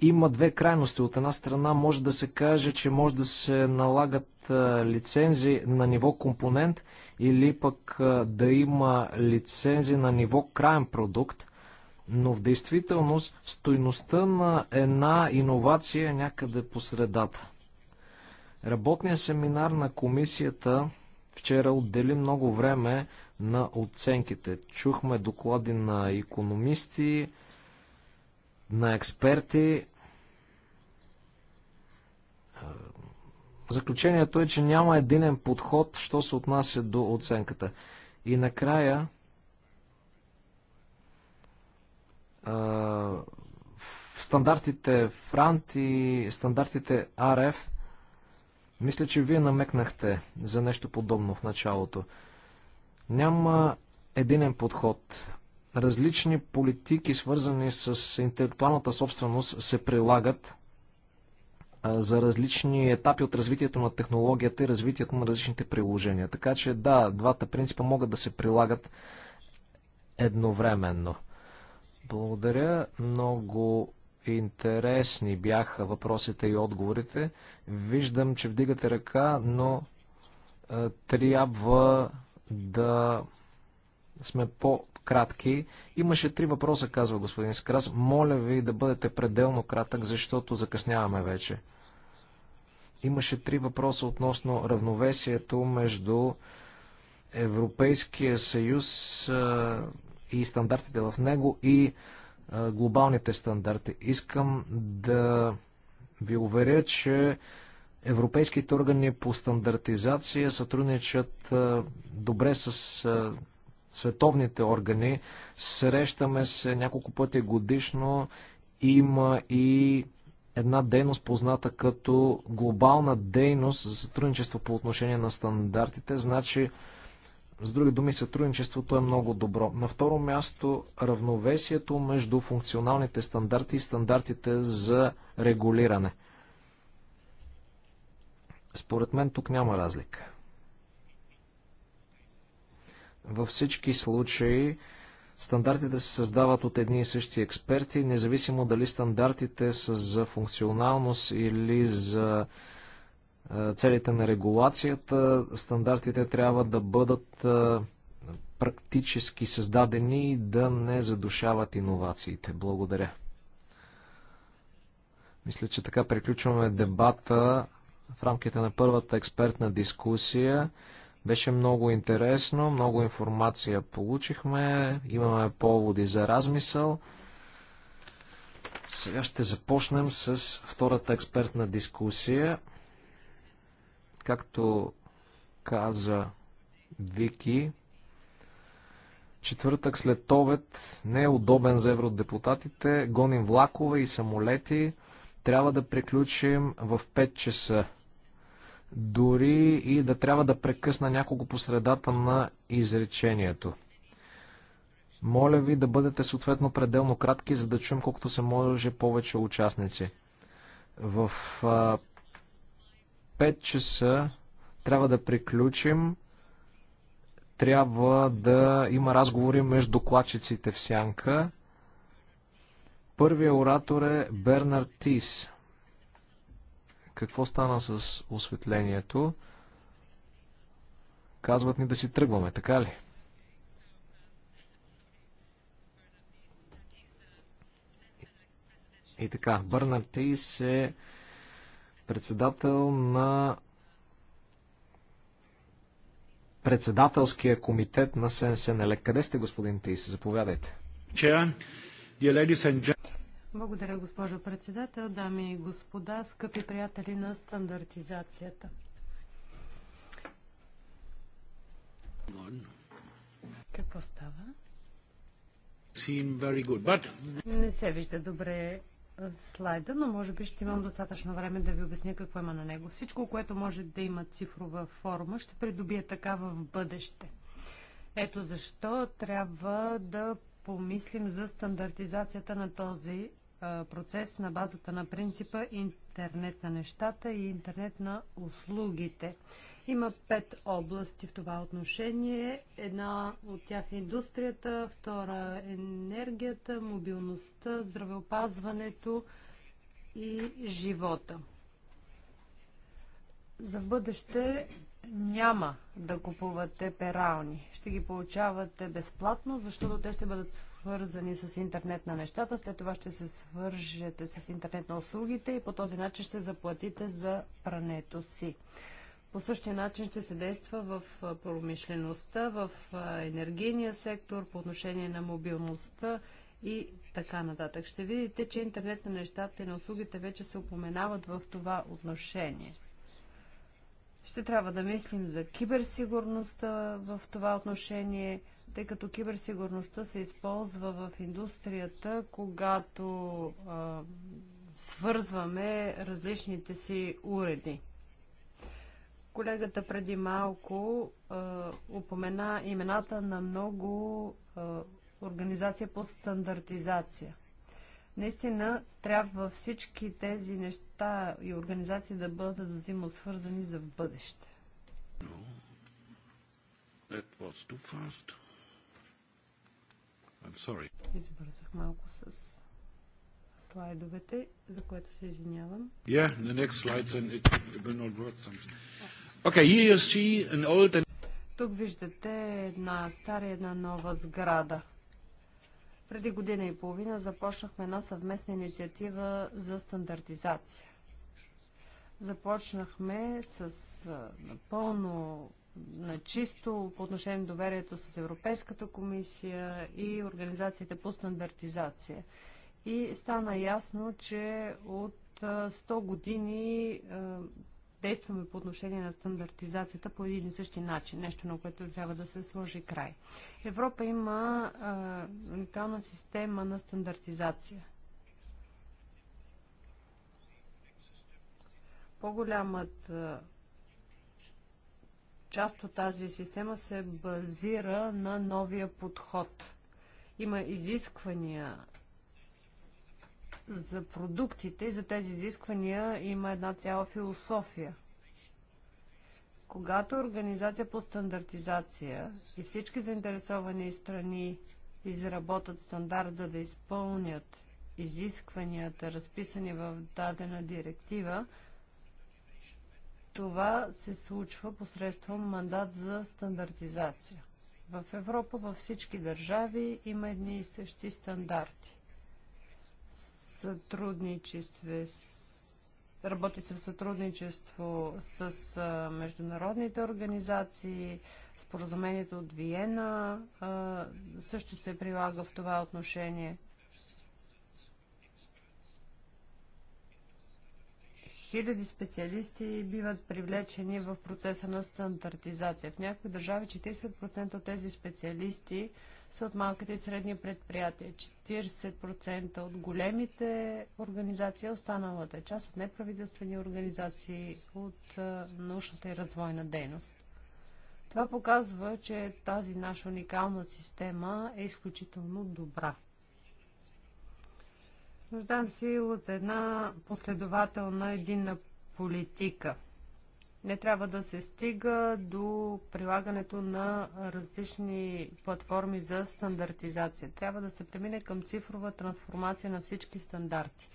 Има две крайности. От една страна може да се каже, че може да се налагат лицензи на ниво компонент или пък да има лицензи на ниво крайен продукт, но в действителност стойността на една иновация е някъде по средата. Работният семинар на комисията вчера отдели много време на оценките. Чухме доклади на економисти, на експерти. Заключението е, че няма единен подход, що се отнася до оценката. И накрая стандартите Франт и стандартите РФ – мисля, че вие намекнахте за нещо подобно в началото. Няма единен подход. Различни политики, свързани с интелектуалната собственост, се прилагат за различни етапи от развитието на технологията и развитието на различните приложения. Така че да, двата принципа могат да се прилагат едновременно. Благодаря много Интересни бяха въпросите и отговорите. Виждам, че вдигате ръка, но трябва да сме по-кратки. Имаше три въпроса, казва господин Скрас. Моля ви да бъдете пределно кратък, защото закъсняваме вече. Имаше три въпроса относно равновесието между Европейския съюз и стандартите в него и глобалните стандарти. Искам да ви уверя, че европейските органи по стандартизация сътрудничат добре с световните органи. Срещаме се няколко пъти годишно. Има и една дейност, позната като глобална дейност за сътрудничество по отношение на стандартите. Значи, с други думи, сътрудничеството е много добро. На второ място, равновесието между функционалните стандарти и стандартите за регулиране. Според мен тук няма разлика. Във всички случаи стандартите се създават от едни и същи експерти, независимо дали стандартите са за функционалност или за е, целите на регулацията, стандартите трябва да бъдат е, практически създадени и да не задушават иновациите. Благодаря. Мисля, че така приключваме дебата в рамките на първата експертна дискусия. Беше много интересно, много информация получихме, имаме поводи за размисъл. Сега ще започнем с втората експертна дискусия. Както каза Вики, четвъртък след обед не е удобен за евродепутатите. Гоним влакове и самолети. Трябва да приключим в 5 часа. Дори и да трябва да прекъсна някого по средата на изречението. Моля ви да бъдете съответно пределно кратки, за да чуем колкото се може повече участници. В 5 часа трябва да приключим. Трябва да има разговори между докладчиците в сянка. Първият оратор е Бернард Тис. Какво стана с осветлението? Казват ни да си тръгваме, така ли? И така, Бърнард Тис е председател на председателския комитет на СНСНЛ. Къде сте, господин Тис? Заповядайте. Благодаря, госпожо председател, дами и господа, скъпи приятели на стандартизацията. Какво става? Не се вижда добре слайда, но може би ще имам достатъчно време да ви обясня какво има на него. Всичко, което може да има цифрова форма, ще придобие такава в бъдеще. Ето защо трябва да помислим за стандартизацията на този процес на базата на принципа интернет на нещата и интернет на услугите. Има пет области в това отношение. Една от тях е индустрията, втора е енергията, мобилността, здравеопазването и живота. За бъдеще няма да купувате перални. Ще ги получавате безплатно, защото те ще бъдат свързани с интернет на нещата, след това ще се свържете с интернет на услугите и по този начин ще заплатите за прането си. По същия начин ще се действа в промишлеността, в енергийния сектор, по отношение на мобилността и така нататък. Ще видите, че интернет на нещата и на услугите вече се упоменават в това отношение. Ще трябва да мислим за киберсигурността в това отношение – тъй като киберсигурността се използва в индустрията, когато а, свързваме различните си уреди. Колегата преди малко а, упомена имената на много а, организация по стандартизация. Наистина трябва всички тези неща и организации да бъдат взаимосвързани за бъдеще. No. It was too fast. Избързах малко с слайдовете, за което се извинявам. Yeah, the next it will not work something. Okay, here you see an old and... Тук виждате една стара и една нова сграда. Преди година и половина започнахме една съвместна инициатива за стандартизация. Започнахме с напълно на чисто по отношение на доверието с Европейската комисия и организациите по стандартизация. И стана ясно, че от 100 години действаме по отношение на стандартизацията по един и същи начин, нещо на което трябва да се сложи край. Европа има уникална система на стандартизация. По-голямата част от тази система се базира на новия подход. Има изисквания за продуктите и за тези изисквания има една цяла философия. Когато организация по стандартизация и всички заинтересовани страни изработят стандарт, за да изпълнят изискванията, разписани в дадена директива, това се случва посредством мандат за стандартизация. В Европа, във всички държави има едни и същи стандарти. Сътрудничество Работи се в сътрудничество с а, международните организации, споразумението от Виена а, също се прилага в това отношение. Хиляди специалисти биват привлечени в процеса на стандартизация. В някои държави 40% от тези специалисти са от малките и средни предприятия, 40% от големите организации, останалата е част от неправителствени организации, от научната и развойна дейност. Това показва, че тази наша уникална система е изключително добра. Нуждам се от една последователна единна политика. Не трябва да се стига до прилагането на различни платформи за стандартизация. Трябва да се премине към цифрова трансформация на всички стандарти.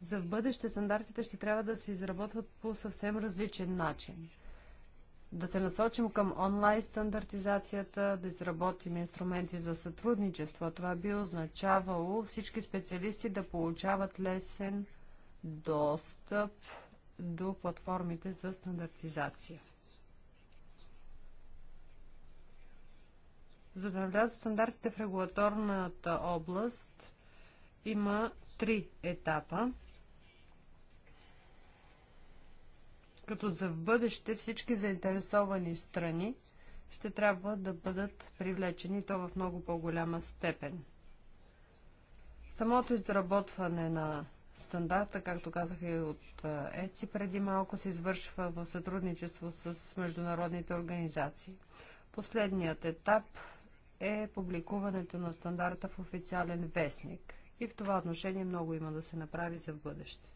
За в бъдеще стандартите ще трябва да се изработват по съвсем различен начин да се насочим към онлайн стандартизацията, да изработим инструменти за сътрудничество. Това би означавало всички специалисти да получават лесен достъп до платформите за стандартизация. За да навлязат стандартите в регулаторната област, има три етапа. като за в бъдеще всички заинтересовани страни ще трябва да бъдат привлечени то в много по-голяма степен. Самото изработване на стандарта, както казах и от ЕЦИ преди малко, се извършва в сътрудничество с международните организации. Последният етап е публикуването на стандарта в официален вестник. И в това отношение много има да се направи за в бъдеще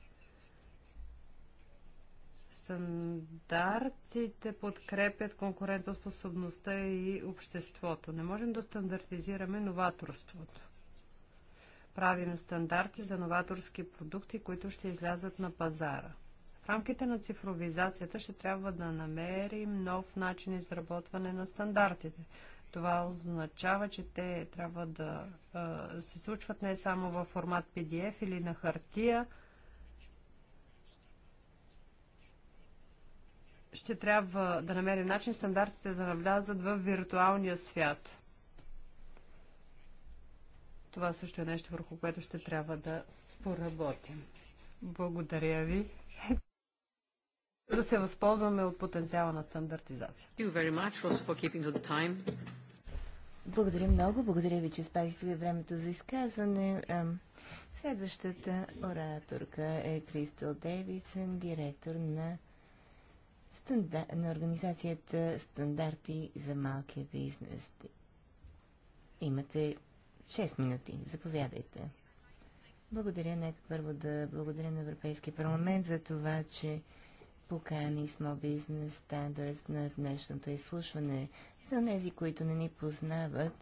стандартите подкрепят конкурентоспособността и обществото. Не можем да стандартизираме новаторството. Правим стандарти за новаторски продукти, които ще излязат на пазара. В рамките на цифровизацията ще трябва да намерим нов начин изработване на стандартите. Това означава, че те трябва да а, се случват не само във формат PDF или на хартия, ще трябва да намерим начин стандартите да навлязат в виртуалния свят. Това също е нещо, върху което ще трябва да поработим. Благодаря ви. Да се възползваме от потенциала на стандартизация. Благодаря много. Благодаря ви, че спазихте времето за изказване. Следващата ораторка е Кристал Дейвисън, директор на на организацията Стандарти за малкия бизнес. Имате 6 минути. Заповядайте. Благодаря. Нека първо да благодаря на Европейския парламент за това, че покани Small Business Standards на днешното изслушване. За тези, които не ни познават,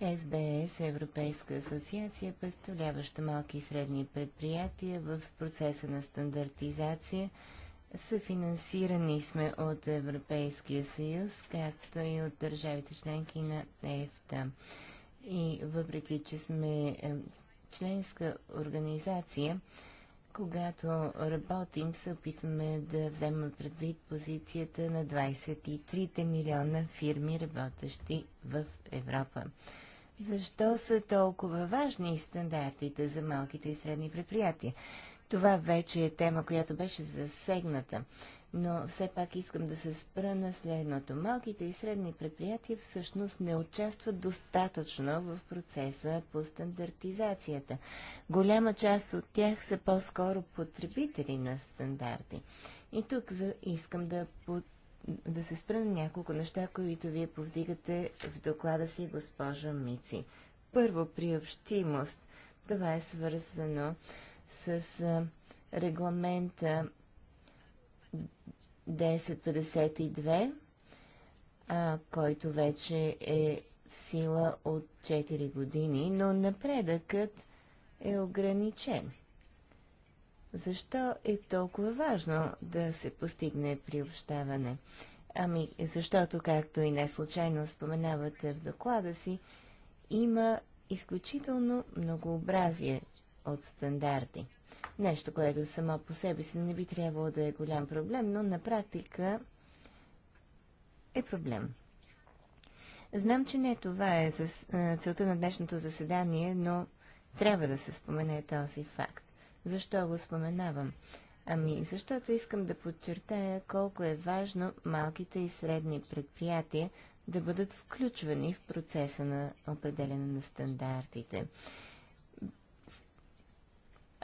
СБС е Европейска асоциация, представляваща малки и средни предприятия в процеса на стандартизация – Съфинансирани сме от Европейския съюз, както и от държавите членки на ЕФТА. И въпреки, че сме е, членска организация, когато работим, се опитваме да вземем предвид позицията на 23 милиона фирми, работещи в Европа. Защо са толкова важни стандартите за малките и средни предприятия? Това вече е тема, която беше засегната. Но все пак искам да се спра на следното. Малките и средни предприятия всъщност не участват достатъчно в процеса по стандартизацията. Голяма част от тях са по-скоро потребители на стандарти. И тук искам да, под... да се спра на няколко неща, които вие повдигате в доклада си, госпожа Мици. Първо, приобщимост. Това е свързано с регламента 1052, а, който вече е в сила от 4 години, но напредъкът е ограничен. Защо е толкова важно да се постигне приобщаване? Ами, защото, както и не случайно споменавате в доклада си, има изключително многообразие от стандарти. Нещо, което само по себе си не би трябвало да е голям проблем, но на практика е проблем. Знам, че не е това е целта на днешното заседание, но трябва да се спомене този факт. Защо го споменавам? Ами, защото искам да подчертая колко е важно малките и средни предприятия да бъдат включвани в процеса на определене на стандартите.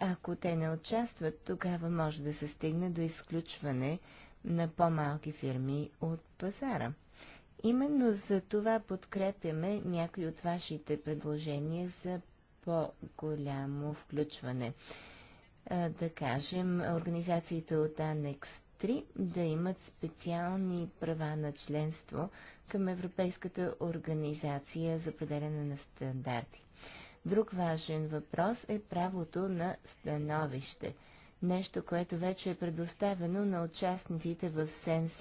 Ако те не участват, тогава може да се стигне до изключване на по-малки фирми от пазара. Именно за това подкрепяме някои от вашите предложения за по-голямо включване. да кажем, организациите от Анекс 3 да имат специални права на членство към Европейската организация за определяне на стандарти. Друг важен въпрос е правото на становище. Нещо, което вече е предоставено на участниците в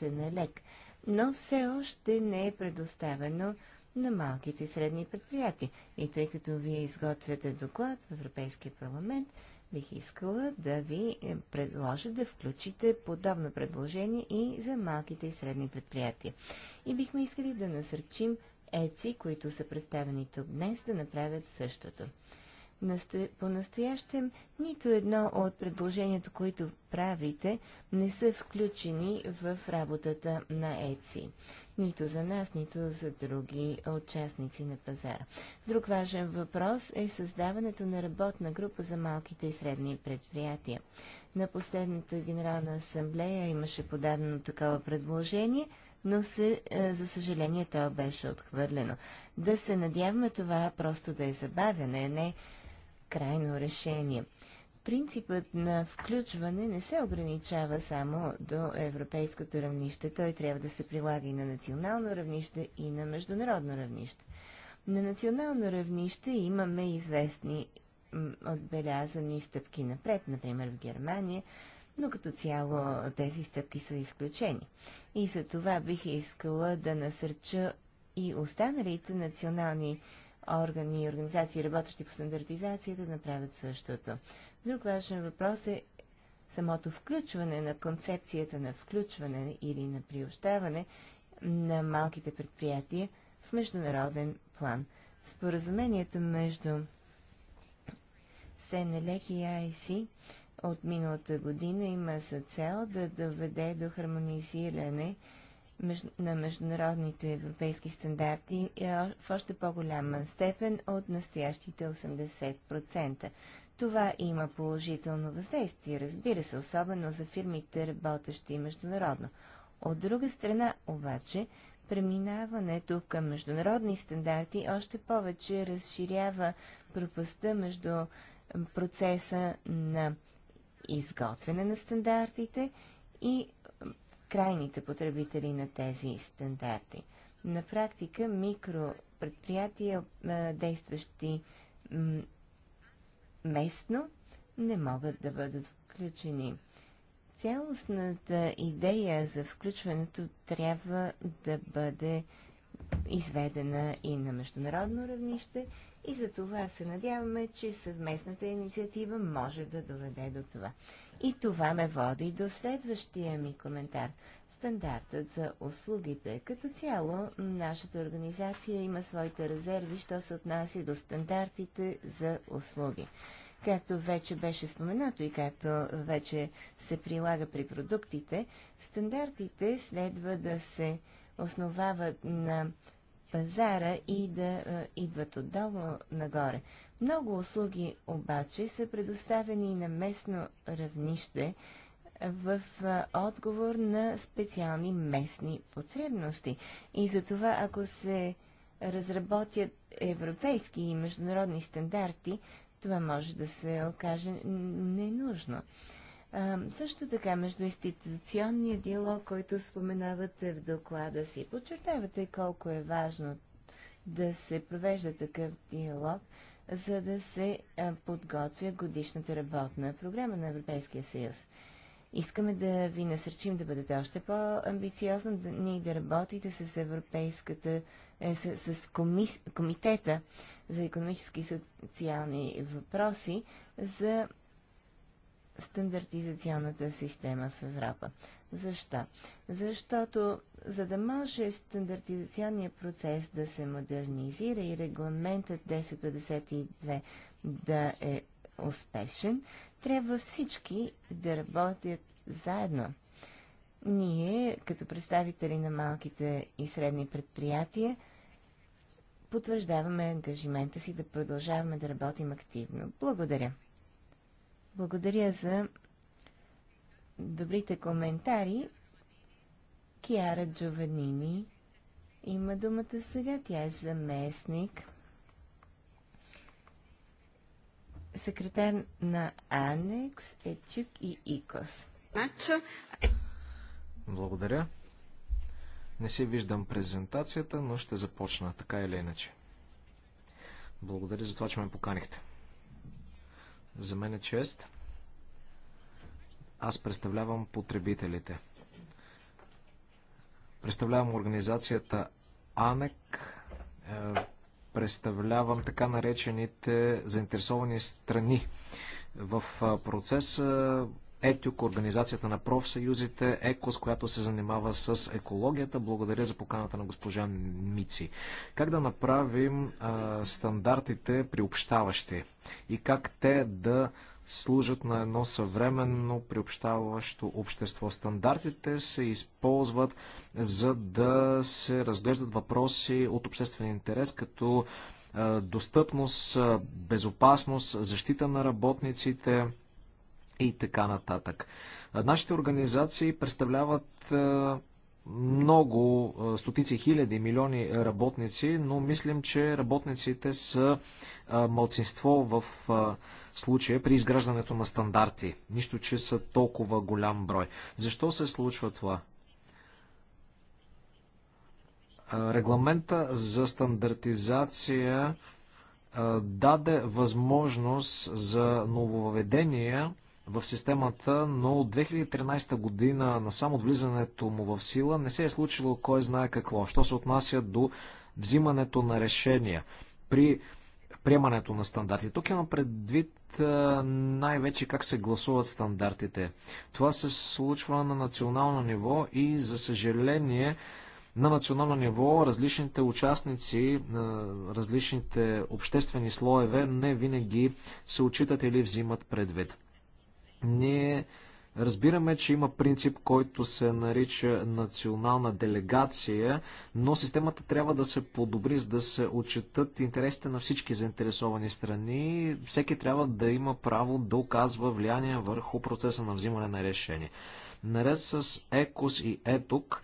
на лек, но все още не е предоставено на малките и средни предприятия. И тъй като вие изготвяте доклад в Европейския парламент, бих искала да ви е, предложа да включите подобно предложение и за малките и средни предприятия. И бихме искали да насърчим ЕЦИ, които са представени тук днес, да направят същото. Насто... По-настоящем нито едно от предложенията, които правите, не са включени в работата на ЕЦИ. Нито за нас, нито за други участници на пазара. Друг важен въпрос е създаването на работна група за малките и средни предприятия. На последната генерална асамблея имаше подадено такова предложение – но се, е, за съжаление то беше отхвърлено. Да се надяваме това просто да е забавяне, а не крайно решение. Принципът на включване не се ограничава само до европейското равнище. Той трябва да се прилага и на национално равнище, и на международно равнище. На национално равнище имаме известни отбелязани стъпки напред, например в Германия, но като цяло тези стъпки са изключени. И за това бих искала да насърча и останалите национални органи и организации, работещи по стандартизация да направят същото. Друг важен въпрос е самото включване на концепцията на включване или на приобщаване на малките предприятия в международен план. Споразумението между СНЛЕК и АИС от миналата година има за цел да доведе до хармонизиране на международните европейски стандарти е, в още по-голяма степен от настоящите 80%. Това има положително въздействие, разбира се, особено за фирмите, работещи международно. От друга страна, обаче, преминаването към международни стандарти още повече разширява пропаста между процеса на изготвяне на стандартите и крайните потребители на тези стандарти. На практика микропредприятия, действащи местно, не могат да бъдат включени. Цялостната идея за включването трябва да бъде изведена и на международно равнище и за това се надяваме, че съвместната инициатива може да доведе до това. И това ме води до следващия ми коментар. Стандартът за услугите. Като цяло, нашата организация има своите резерви, що се отнася до стандартите за услуги. Както вече беше споменато и както вече се прилага при продуктите, стандартите следва да се основават на пазара и да е, идват отдолу нагоре. Много услуги обаче са предоставени на местно равнище в е, отговор на специални местни потребности. И за това, ако се разработят европейски и международни стандарти, това може да се окаже ненужно. А, също така между институционния диалог, който споменавате в доклада си, подчертавате колко е важно да се провежда такъв диалог, за да се подготвя годишната работна програма на Европейския съюз. Искаме да ви насърчим да бъдете още по-амбициозно, да, ние да работите с Европейската, е, с, с комис, Комитета за економически и социални въпроси за стандартизационната система в Европа. Защо? Защото за да може стандартизационният процес да се модернизира и регламентът 1052 да е успешен, трябва всички да работят заедно. Ние, като представители на малките и средни предприятия, потвърждаваме ангажимента си да продължаваме да работим активно. Благодаря. Благодаря за добрите коментари. Киара Джованини има думата сега. Тя е заместник. Секретар на Анекс, Ечук и ИКОС. Благодаря. Не си виждам презентацията, но ще започна така или иначе. Благодаря за това, че ме поканихте. За мен е чест. Аз представлявам потребителите. Представлявам организацията АНЕК. Е, представлявам така наречените заинтересовани страни в процеса ЕТЮК, Организацията на профсъюзите, ЕКОС, която се занимава с екологията. Благодаря за поканата на госпожа Мици. Как да направим а, стандартите приобщаващи и как те да служат на едно съвременно приобщаващо общество. Стандартите се използват за да се разглеждат въпроси от обществен интерес, като достъпност, безопасност, защита на работниците, и така нататък. Нашите организации представляват много, стотици хиляди, милиони работници, но мислим, че работниците са малцинство в случая при изграждането на стандарти. Нищо, че са толкова голям брой. Защо се случва това? Регламента за стандартизация даде възможност за нововведения, в системата, но от 2013 година на само влизането му в сила не се е случило кой знае какво. Що се отнася до взимането на решения при приемането на стандарти. Тук има предвид най-вече как се гласуват стандартите. Това се случва на национално ниво и за съжаление на национално ниво различните участници, различните обществени слоеве не винаги се отчитат или взимат предвид. Ние Разбираме, че има принцип, който се нарича национална делегация, но системата трябва да се подобри, за да се отчетат интересите на всички заинтересовани страни. Всеки трябва да има право да оказва влияние върху процеса на взимане на решение. Наред с ЕКОС и ЕТОК,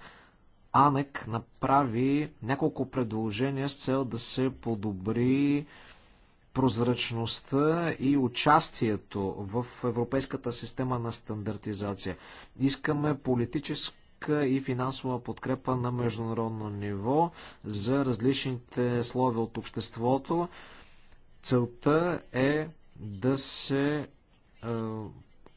АНЕК направи няколко предложения с цел да се подобри прозрачността и участието в европейската система на стандартизация. Искаме политическа и финансова подкрепа на международно ниво за различните слове от обществото. Целта е да се е,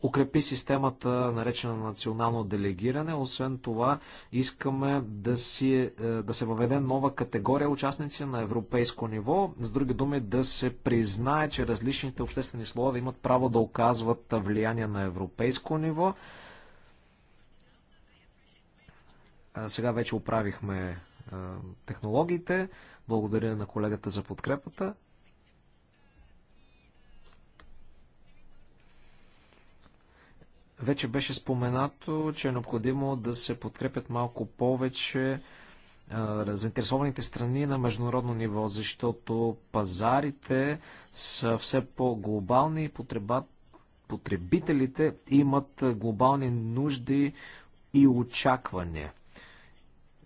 укрепи системата, наречена национално делегиране. Освен това, искаме да, си, е, да се въведе нова категория участници на европейско ниво. С други думи, да се признае, че различните обществени слова имат право да оказват влияние на европейско ниво. Е, сега вече оправихме е, технологиите. Благодаря на колегата за подкрепата. Вече беше споменато, че е необходимо да се подкрепят малко повече заинтересованите страни на международно ниво, защото пазарите са все по-глобални и потребителите имат глобални нужди и очаквания,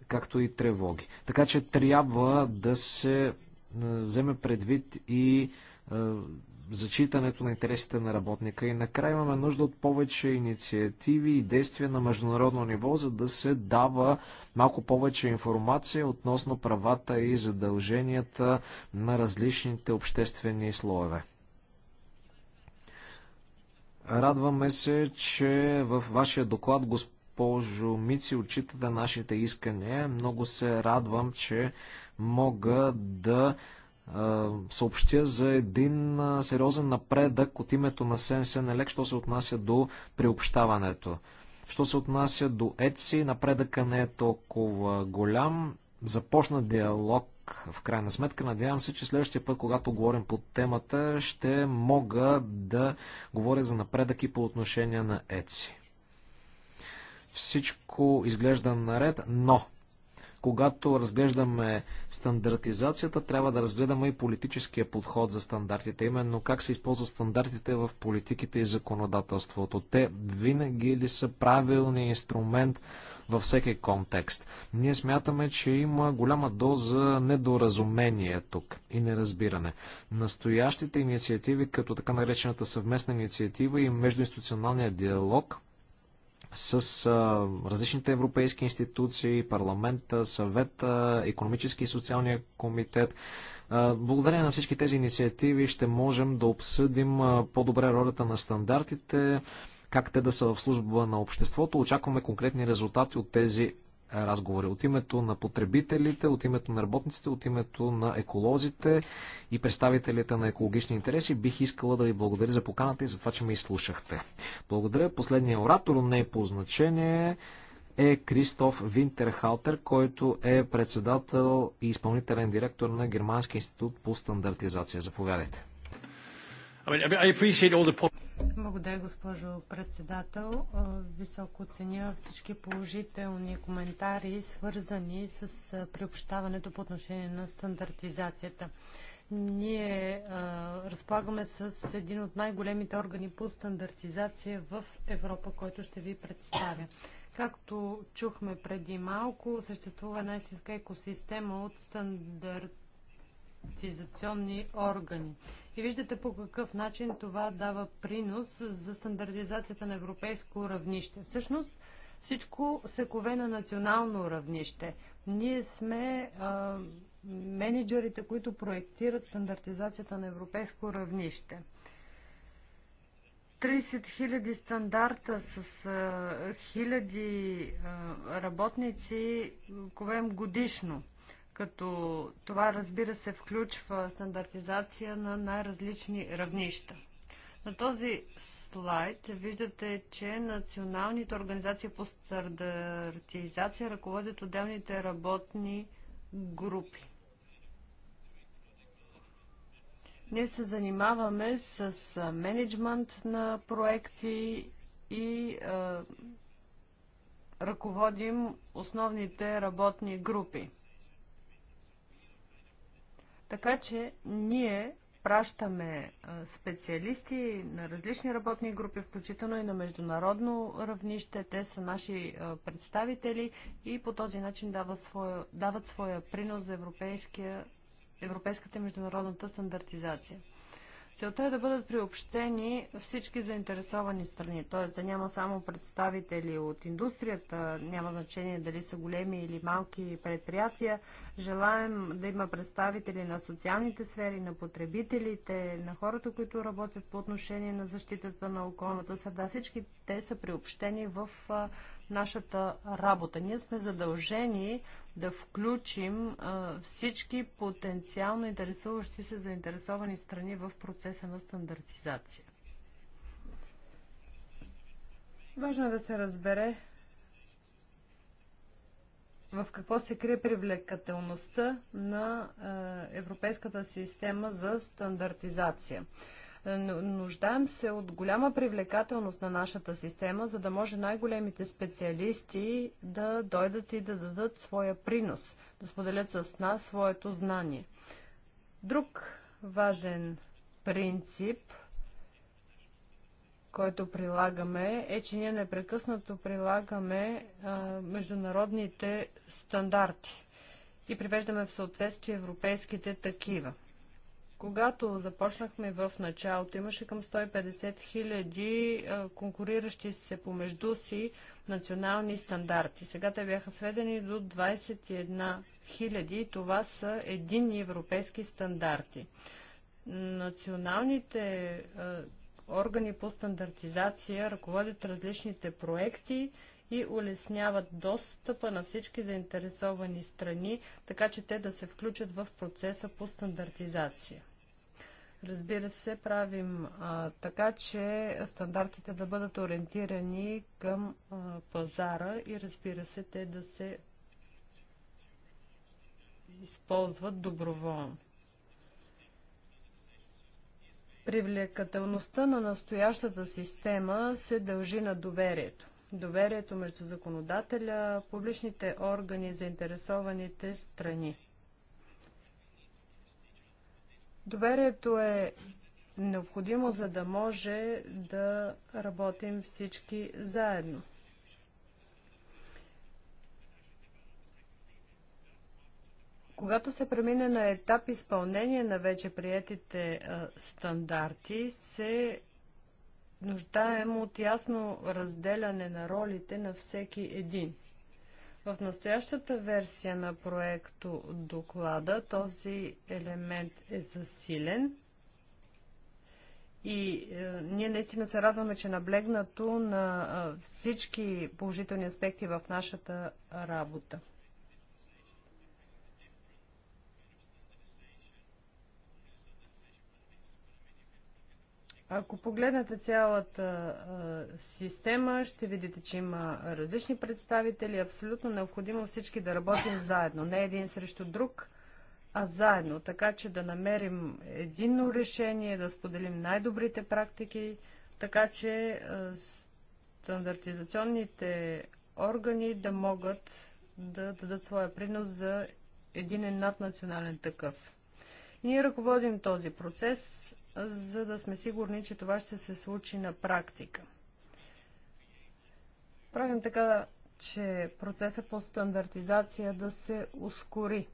както и тревоги. Така че трябва да се вземе предвид и зачитането на интересите на работника. И накрая имаме нужда от повече инициативи и действия на международно ниво, за да се дава малко повече информация относно правата и задълженията на различните обществени слоеве. Радваме се, че в вашия доклад, госпожо Мици, отчитате нашите искания. Много се радвам, че мога да съобщя за един сериозен напредък от името на Елек, що се отнася до приобщаването. Що се отнася до ЕЦИ, напредъка не е толкова голям. Започна диалог в крайна сметка. Надявам се, че следващия път, когато говорим по темата, ще мога да говоря за напредък и по отношение на ЕЦИ. Всичко изглежда наред, но когато разглеждаме стандартизацията, трябва да разгледаме и политическия подход за стандартите, именно как се използват стандартите в политиките и законодателството. Те винаги ли са правилният инструмент във всеки контекст. Ние смятаме, че има голяма доза недоразумение тук и неразбиране. Настоящите инициативи, като така наречената съвместна инициатива и междуинституционалния диалог, с а, различните европейски институции, парламента, съвета, економически и социалния комитет. А, благодарение на всички тези инициативи ще можем да обсъдим по-добре ролята на стандартите, как те да са в служба на обществото. Очакваме конкретни резултати от тези разговори от името на потребителите, от името на работниците, от името на еколозите и представителите на екологични интереси. Бих искала да ви благодаря за поканата и за това, че ме изслушахте. Благодаря. Последния оратор, не е по значение, е Кристоф Винтерхалтер, който е председател и изпълнителен директор на Германския институт по стандартизация. Заповядайте. I mean, I благодаря, госпожо председател. Е, високо оценя всички положителни коментари, свързани с е, приобщаването по отношение на стандартизацията. Ние а, е, разполагаме с един от най-големите органи по стандартизация в Европа, който ще ви представя. Както чухме преди малко, съществува една истинска екосистема от стандарт стандартизационни органи. И виждате по какъв начин това дава принос за стандартизацията на европейско равнище. Всъщност всичко се кове на национално равнище. Ние сме а, менеджерите, които проектират стандартизацията на европейско равнище. 30 000 стандарта с а, хиляди а, работници ковем годишно като това разбира се включва стандартизация на най-различни равнища. На този слайд виждате, че националните организации по стандартизация ръководят отделните работни групи. Ние се занимаваме с менеджмент на проекти и е, ръководим основните работни групи. Така че ние пращаме специалисти на различни работни групи, включително и на международно равнище. Те са наши представители и по този начин дават своя, дават своя принос за европейската и международната стандартизация. Целта е да бъдат приобщени всички заинтересовани страни, т.е. да няма само представители от индустрията, няма значение дали са големи или малки предприятия. Желаем да има представители на социалните сфери, на потребителите, на хората, които работят по отношение на защитата на околната среда. Всички те са приобщени в нашата работа. Ние сме задължени да включим всички потенциално интересуващи се заинтересовани страни в процеса на стандартизация. Важно е да се разбере в какво се крие привлекателността на Европейската система за стандартизация. Е, нуждаем се от голяма привлекателност на нашата система, за да може най-големите специалисти да дойдат и да дадат своя принос, да споделят с нас своето знание. Друг важен принцип, който прилагаме, е, че ние непрекъснато прилагаме а, е, международните стандарти и привеждаме в съответствие европейските такива. Когато започнахме в началото, имаше към 150 хиляди конкуриращи се помежду си национални стандарти. Сега те бяха сведени до 21 хиляди. Това са единни европейски стандарти. Националните органи по стандартизация ръководят различните проекти и улесняват достъпа на всички заинтересовани страни, така че те да се включат в процеса по стандартизация. Разбира се, правим а, така, че стандартите да бъдат ориентирани към а, пазара и разбира се, те да се използват доброволно. Привлекателността на настоящата система се дължи на доверието. Доверието между законодателя, публичните органи заинтересованите страни. Доверието е необходимо, за да може да работим всички заедно. Когато се премине на етап изпълнение на вече приятите стандарти, се нуждаем от ясно разделяне на ролите на всеки един – в настоящата версия на проекто доклада този елемент е засилен и е, ние наистина се радваме, че наблегнато на е, всички положителни аспекти в нашата работа. Ако погледнете цялата а, система, ще видите, че има различни представители. Абсолютно необходимо всички да работим заедно. Не един срещу друг, а заедно. Така че да намерим единно решение, да споделим най-добрите практики, така че а, стандартизационните органи да могат да дадат своя принос за един наднационален такъв. Ние ръководим този процес за да сме сигурни, че това ще се случи на практика. Правим така, че процесът по стандартизация да се ускори,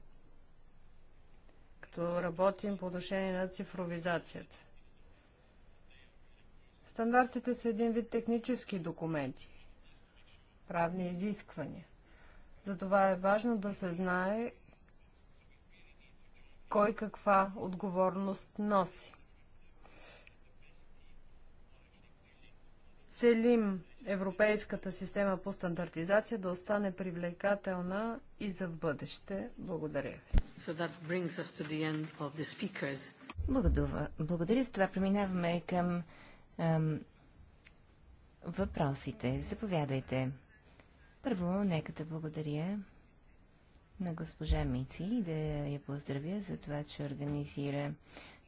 като работим по отношение на цифровизацията. Стандартите са един вид технически документи, правни изисквания. Затова е важно да се знае кой каква отговорност носи. целим европейската система по стандартизация да остане привлекателна и за в бъдеще. Благодаря ви. So Благодаря. Благодаря. За това преминаваме към ам, въпросите. Заповядайте. Първо, нека да благодаря на госпожа Мици и да я поздравя за това, че организира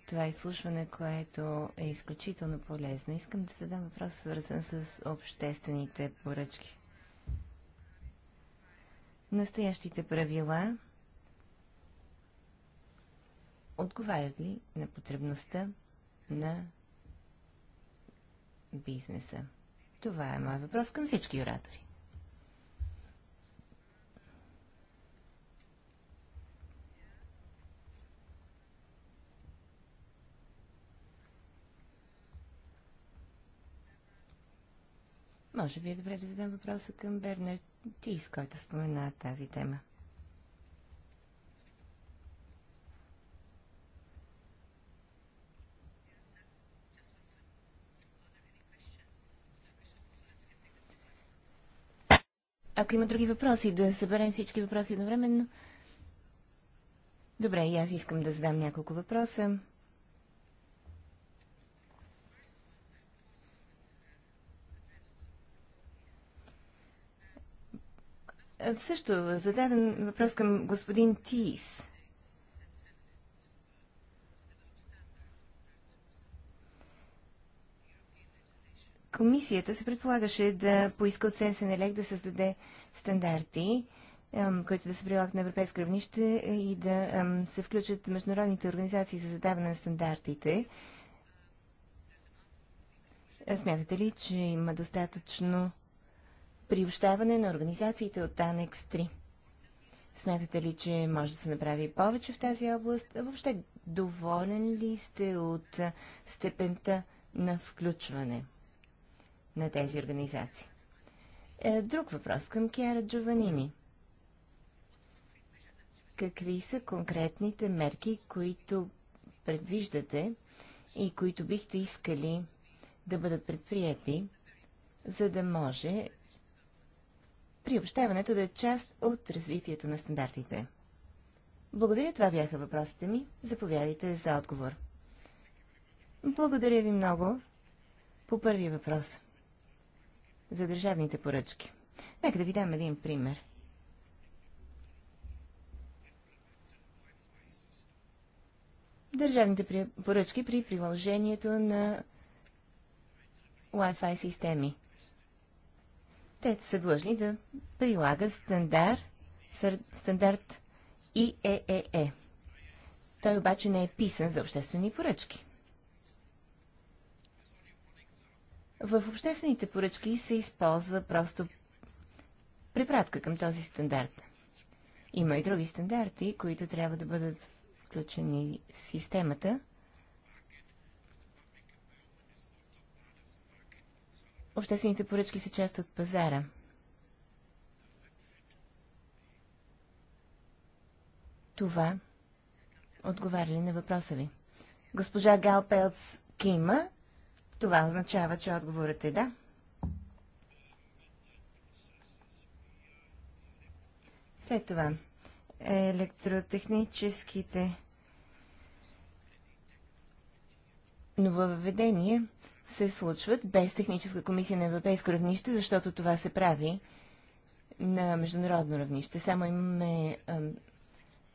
това изслушване, което е изключително полезно. Искам да задам въпрос, свързан с обществените поръчки. Настоящите правила отговарят ли на потребността на бизнеса? Това е моят въпрос към всички оратори. Може би е добре да задам въпроса към Бернер Тис, който спомена тази тема. Ако има други въпроси, да съберем всички въпроси едновременно. Добре, и аз искам да задам няколко въпроса. Е, също зададен въпрос към господин Тис. Комисията се предполагаше да поиска от Елек да създаде стандарти, които да се прилагат на европейско равнище и да се включат международните организации за задаване на стандартите. Смятате ли, че има достатъчно приобщаване на организациите от Анекс 3. Смятате ли, че може да се направи повече в тази област? Въобще, доволен ли сте от степента на включване на тези организации? Е, друг въпрос към Киара Джованини. Какви са конкретните мерки, които предвиждате и които бихте искали да бъдат предприяти, за да може приобщаването да е част от развитието на стандартите. Благодаря, това бяха въпросите ми. Заповядайте за отговор. Благодаря ви много. По първия въпрос. За държавните поръчки. Нека да ви дам един пример. Държавните поръчки при приложението на Wi-Fi системи те са длъжни да прилагат стандарт, стандарт ИЕЕЕ. Е е. Той обаче не е писан за обществени поръчки. В обществените поръчки се използва просто препратка към този стандарт. Има и други стандарти, които трябва да бъдат включени в системата, обществените поръчки са част от пазара. Това отговаря ли на въпроса ви? Госпожа Галпелц кима. Това означава, че отговорът е да. След това електротехническите нововведения – се случват без техническа комисия на европейско равнище, защото това се прави на международно равнище. Само имаме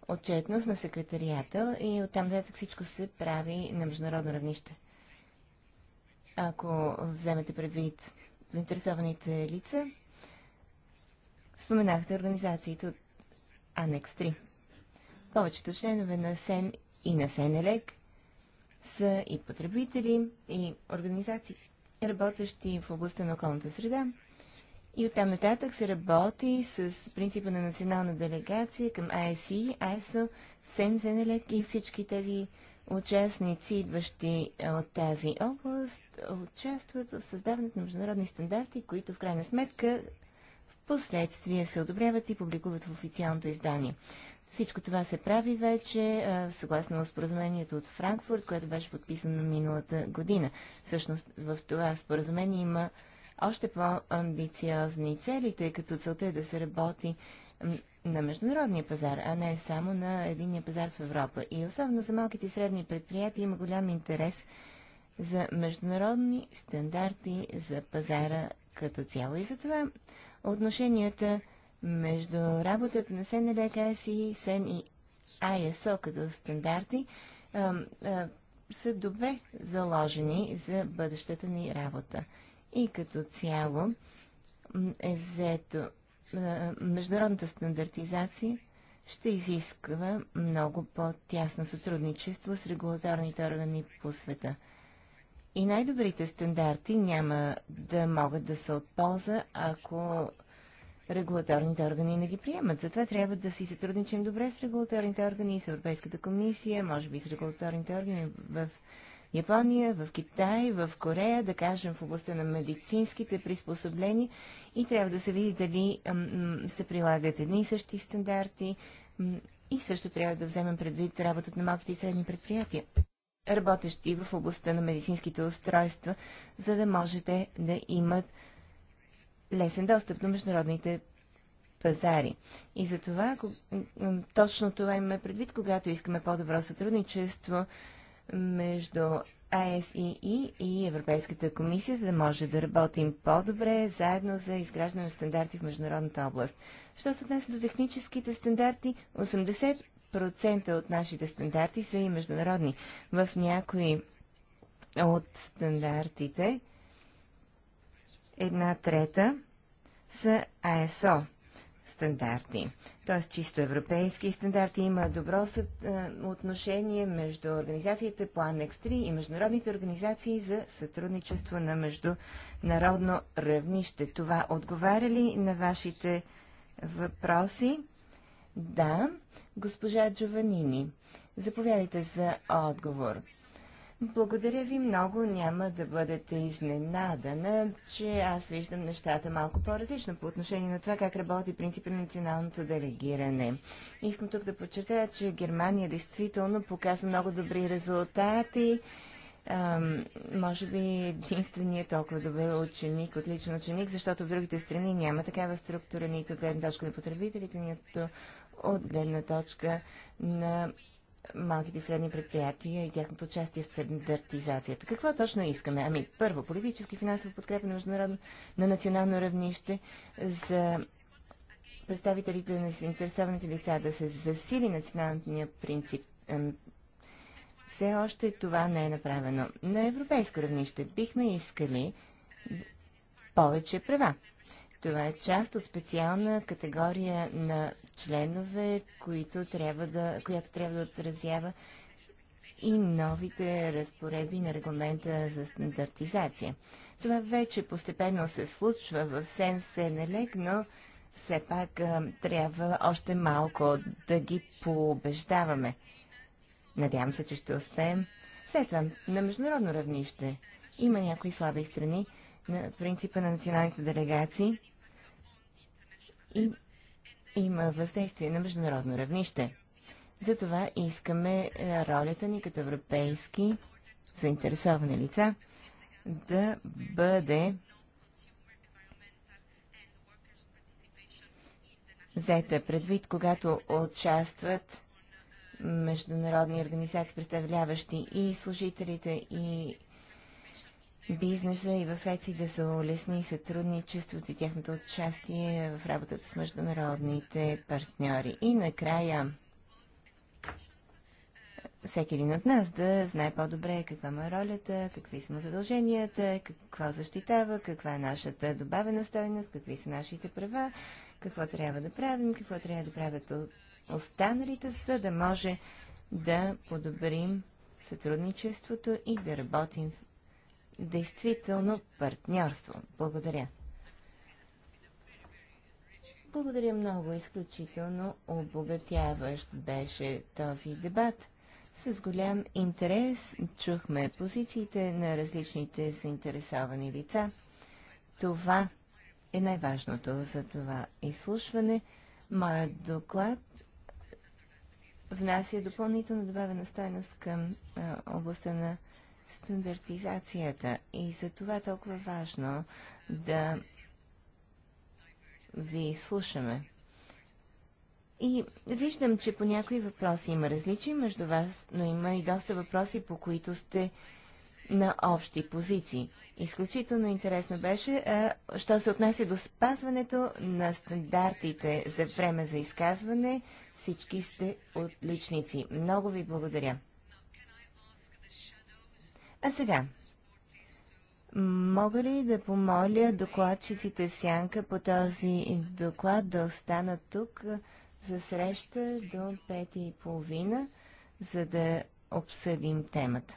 отчетност на секретарията и оттам нататък всичко се прави на международно равнище. Ако вземете предвид заинтересованите лица, споменахте организациите от Анекс 3. Повечето членове на СЕН и на СЕНЕЛЕК – са и потребители, и организации, работещи в областта на околната среда. И оттам нататък се работи с принципа на национална делегация към АСИ, АСО, Сензенелек и всички тези участници, идващи е, от тази област, участват в създаването на международни стандарти, които в крайна сметка в последствие се одобряват и публикуват в официалното издание. Всичко това се прави вече съгласно споразумението от Франкфурт, което беше подписано миналата година. Всъщност в това споразумение има още по-амбициозни цели, тъй като целта е да се работи на международния пазар, а не само на единния пазар в Европа. И особено за малките и средни предприятия има голям интерес за международни стандарти за пазара като цяло. И затова отношенията между работата на СНДКС и СЕН и ISO като стандарти а, а, са добре заложени за бъдещата ни работа. И като цяло е взето а, международната стандартизация ще изисква много по-тясно сътрудничество с регулаторните органи по света. И най-добрите стандарти няма да могат да са от полза, ако регулаторните органи да ги приемат. Затова трябва да си сътрудничим добре с регулаторните органи, с Европейската комисия, може би с регулаторните органи в Япония, в Китай, в Корея, да кажем в областта на медицинските приспособления и трябва да се види дали се прилагат едни и същи стандарти и също трябва да вземем предвид работата на малките и средни предприятия работещи в областта на медицинските устройства, за да можете да имат лесен достъп до международните пазари. И за това, точно това имаме предвид, когато искаме по-добро сътрудничество между АСИИ и Европейската комисия, за да може да работим по-добре заедно за изграждане на стандарти в международната област. Що се отнася до техническите стандарти, 80% от нашите стандарти са и международни. В някои от стандартите, една трета са АСО стандарти, т.е. чисто европейски стандарти. Има добро отношение между организациите по Анекс 3 и международните организации за сътрудничество на международно равнище. Това отговаря ли на вашите въпроси? Да, госпожа Джованини. Заповядайте за отговор. Благодаря ви много. Няма да бъдете изненадана, че аз виждам нещата малко по-различно по отношение на това как работи принципа на националното делегиране. Искам тук да подчертая, че Германия действително показва много добри резултати. Ам, може би единственият е толкова добър ученик, отличен ученик, защото в другите страни няма такава структура нито от гледна точка на потребителите, нито от гледна точка на малките и средни предприятия и тяхното участие в стандартизацията. Какво точно искаме? Ами, първо, политически и подкрепа на, международно, на национално равнище за представителите на заинтересованите лица да се засили националния принцип. Все още това не е направено. На европейско равнище бихме искали повече права. Това е част от специална категория на членове, които трябва да, която трябва да отразява и новите разпоредби на регламента за стандартизация. Това вече постепенно се случва в Сен Сенелек, но все пак трябва още малко да ги побеждаваме. Надявам се, че ще успеем. След това, на международно равнище има някои слаби страни на принципа на националните делегации – и има въздействие на международно равнище. Затова искаме е, ролята ни като европейски заинтересовани лица да бъде взета предвид, когато участват международни организации, представляващи и служителите, и бизнеса и в ЕЦИ да се улесни сътрудничеството и тяхното участие в работата с международните партньори. И накрая всеки един от нас да знае по-добре каква е ролята, какви са му задълженията, какво защитава, каква е нашата добавена стойност, какви са нашите права, какво трябва да правим, какво трябва да правят останалите, за да може да подобрим сътрудничеството и да работим действително партньорство. Благодаря. Благодаря много. Изключително обогатяващ беше този дебат. С голям интерес чухме позициите на различните заинтересовани лица. Това е най-важното за това изслушване. Моят доклад внася допълнително добавена стойност към областта на стандартизацията и за това е толкова важно да ви слушаме. И виждам, че по някои въпроси има различия между вас, но има и доста въпроси, по които сте на общи позиции. Изключително интересно беше, а, що се отнася до спазването на стандартите за време за изказване. Всички сте отличници. Много ви благодаря. А сега, мога ли да помоля докладчиците в сянка по този доклад да останат тук за среща до 5.30, за да обсъдим темата?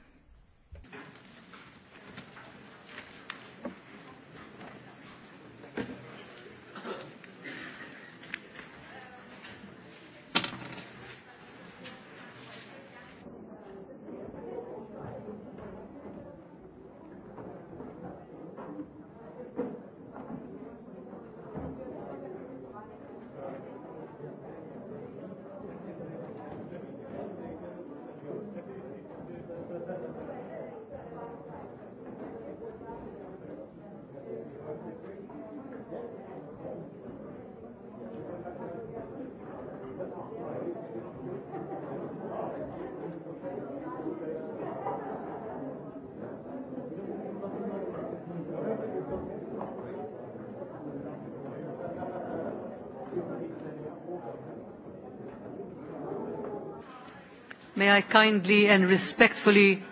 May I kindly and respectfully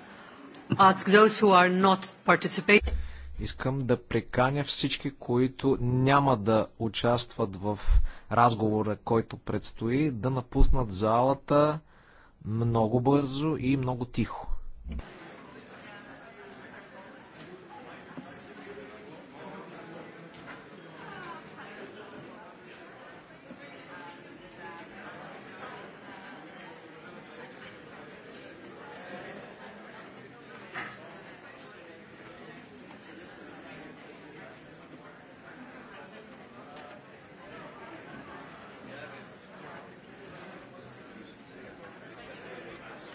ask those who are not participating. Искам да преканя всички, които няма да участват в разговора, който предстои, да напуснат залата много бързо и много тихо.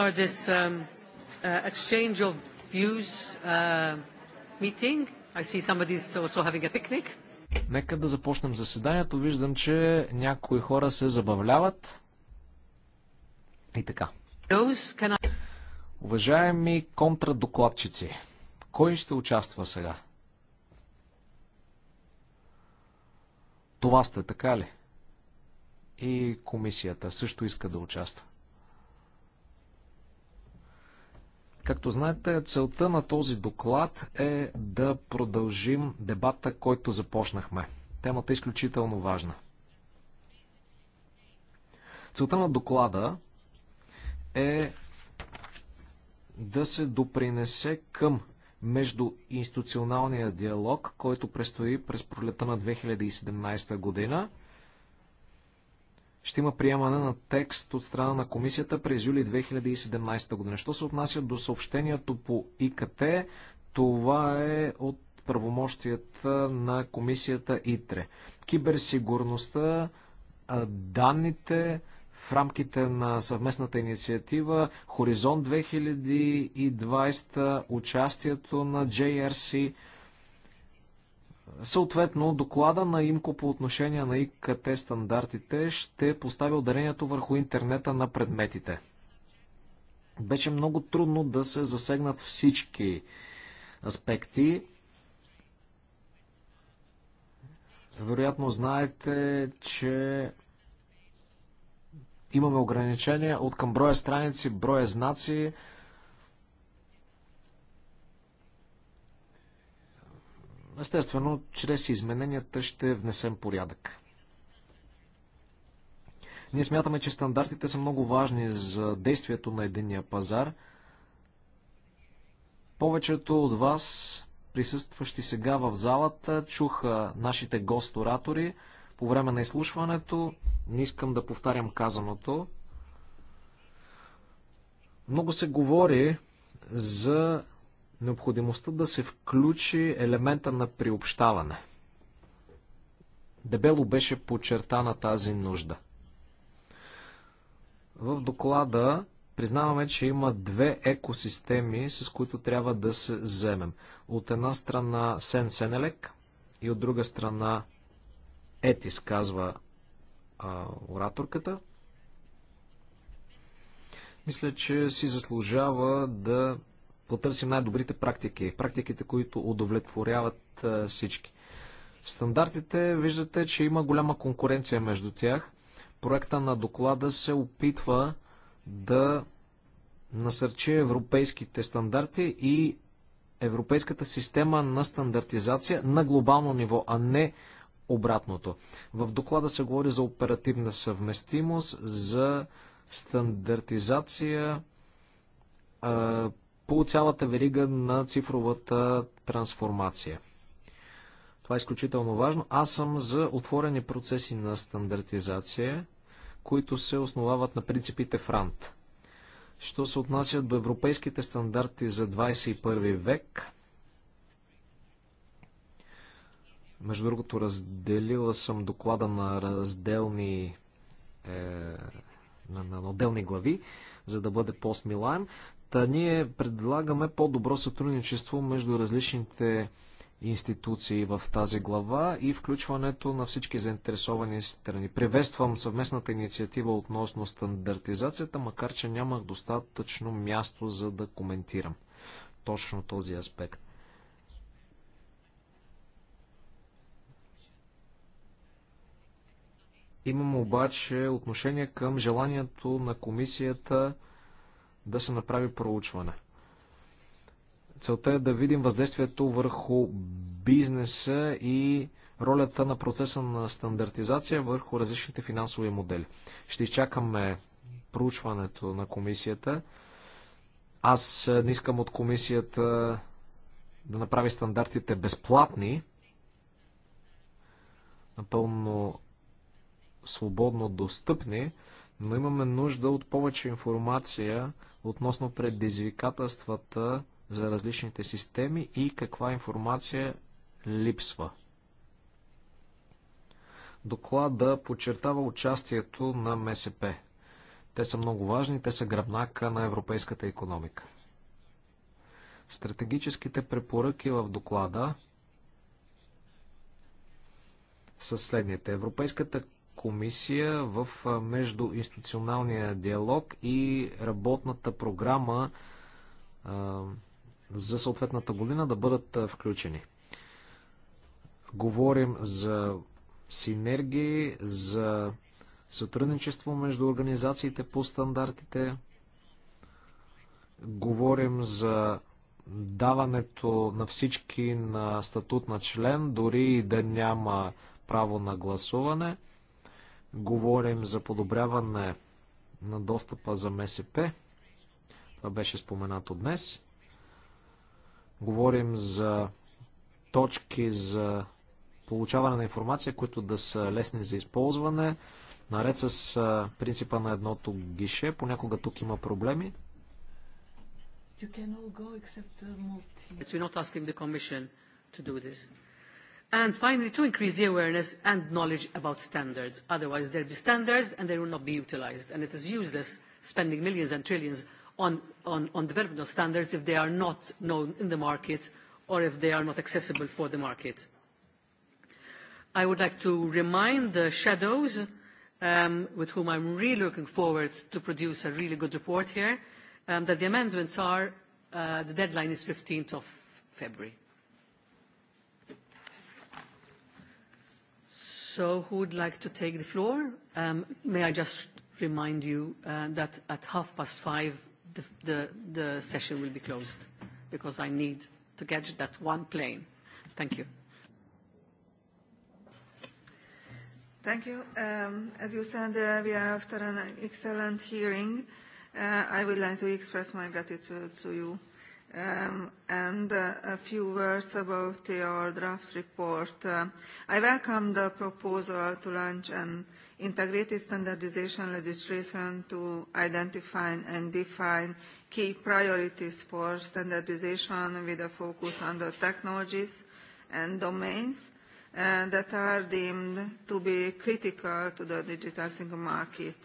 start this um, uh, exchange of views uh, meeting. I see somebody is also having a picnic. Нека да започнем заседанието. Виждам, че някои хора се забавляват. И така. I... Уважаеми контрадокладчици, кой ще участва сега? Това сте, така ли? И комисията също иска да участва. Както знаете, целта на този доклад е да продължим дебата, който започнахме. Темата е изключително важна. Целта на доклада е да се допринесе към междуинституционалния диалог, който предстои през пролета на 2017 година ще има приемане на текст от страна на комисията през юли 2017 година. Що се отнася до съобщението по ИКТ, това е от правомощията на комисията ИТРЕ. Киберсигурността, данните в рамките на съвместната инициатива Хоризонт 2020, участието на JRC – Съответно, доклада на ИМКО по отношение на ИКТ стандартите ще постави ударението върху интернета на предметите. Беше много трудно да се засегнат всички аспекти. Вероятно знаете, че имаме ограничения от към броя страници, броя знаци, Естествено, чрез измененията ще внесем порядък. Ние смятаме, че стандартите са много важни за действието на единния пазар. Повечето от вас, присъстващи сега в залата, чуха нашите гост-оратори по време на изслушването. Не искам да повтарям казаното. Много се говори за необходимостта да се включи елемента на приобщаване. Дебело беше подчертана тази нужда. В доклада признаваме, че има две екосистеми, с които трябва да се вземем. От една страна Сен Сенелек и от друга страна Етис, казва а, ораторката. Мисля, че си заслужава да потърсим най-добрите практики, практиките, които удовлетворяват е, всички. Стандартите, виждате, че има голяма конкуренция между тях. Проекта на доклада се опитва да насърчи европейските стандарти и европейската система на стандартизация на глобално ниво, а не обратното. В доклада се говори за оперативна съвместимост, за стандартизация, е, по цялата верига на цифровата трансформация. Това е изключително важно. Аз съм за отворени процеси на стандартизация, които се основават на принципите Франт. Що се отнасят до европейските стандарти за 21 век, между другото, разделила съм доклада на разделни е, на, на отделни глави, за да бъде по-смилаем. Та ние предлагаме по-добро сътрудничество между различните институции в тази глава и включването на всички заинтересовани страни. Приветствам съвместната инициатива относно стандартизацията, макар че нямах достатъчно място за да коментирам точно този аспект. Имам обаче отношение към желанието на комисията да се направи проучване. Целта е да видим въздействието върху бизнеса и ролята на процеса на стандартизация върху различните финансови модели. Ще изчакаме проучването на комисията. Аз е, не искам от комисията да направи стандартите безплатни, напълно свободно достъпни, но имаме нужда от повече информация относно предизвикателствата за различните системи и каква информация липсва. Доклада подчертава участието на МСП. Те са много важни, те са гръбнака на европейската економика. Стратегическите препоръки в доклада са следните. Европейската комисия в междуинституционалния диалог и работната програма за съответната година да бъдат включени. Говорим за синергии, за сътрудничество между организациите по стандартите. Говорим за даването на всички на статут на член, дори и да няма право на гласуване – Говорим за подобряване на достъпа за МСП. Това беше споменато днес. Говорим за точки за получаване на информация, които да са лесни за използване. Наред с принципа на едното гише, понякога тук има проблеми. You can all go except uh, Maltese. But not asking the Commission to do this. And finally, to increase the awareness and knowledge about standards. Otherwise, there will be standards and they will not be utilised. And it is useless spending millions and trillions on, on, on development of standards if they are not known in the market or if they are not accessible for the market. I would like to remind the shadows, um, with whom I'm really looking forward to produce a really good report here, um, that the amendments are, uh, the deadline is 15th of February. So who would like to take the floor? May I just remind you that at half past five, the session will be closed because I need to catch that one plane. Thank you. Thank you. As you said, we are after an excellent hearing. I would like to express my gratitude to you and a few words about your draft report. I welcome the proposal to launch an integrated standardization legislation to identify and define key priorities for standardization with a focus on the technologies and domains that are deemed to be critical to the digital single market.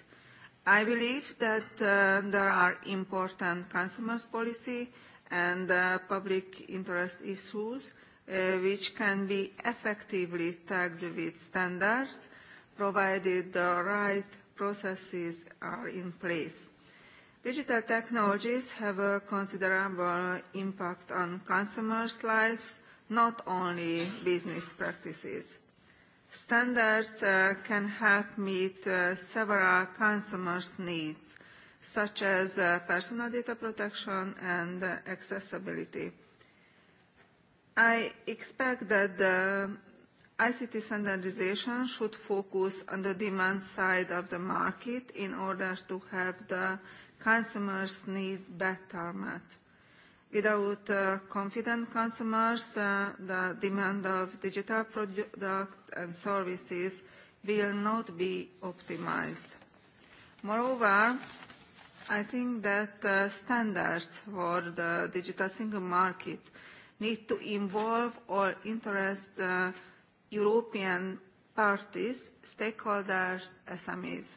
I believe that there are important consumers policy and uh, public interest issues uh, which can be effectively tagged with standards provided the right processes are in place. Digital technologies have a considerable impact on consumers' lives, not only business practices. Standards uh, can help meet uh, several consumers' needs, such as uh, personal data protection and uh, accessibility. I expect that the ICT standardization should focus on the demand side of the market in order to have the consumers' need better met. Without uh, confident consumers, uh, the demand of digital products and services will not be optimized. Moreover, I think that uh, standards for the digital single market need to involve or interest the European parties, stakeholders, SMEs.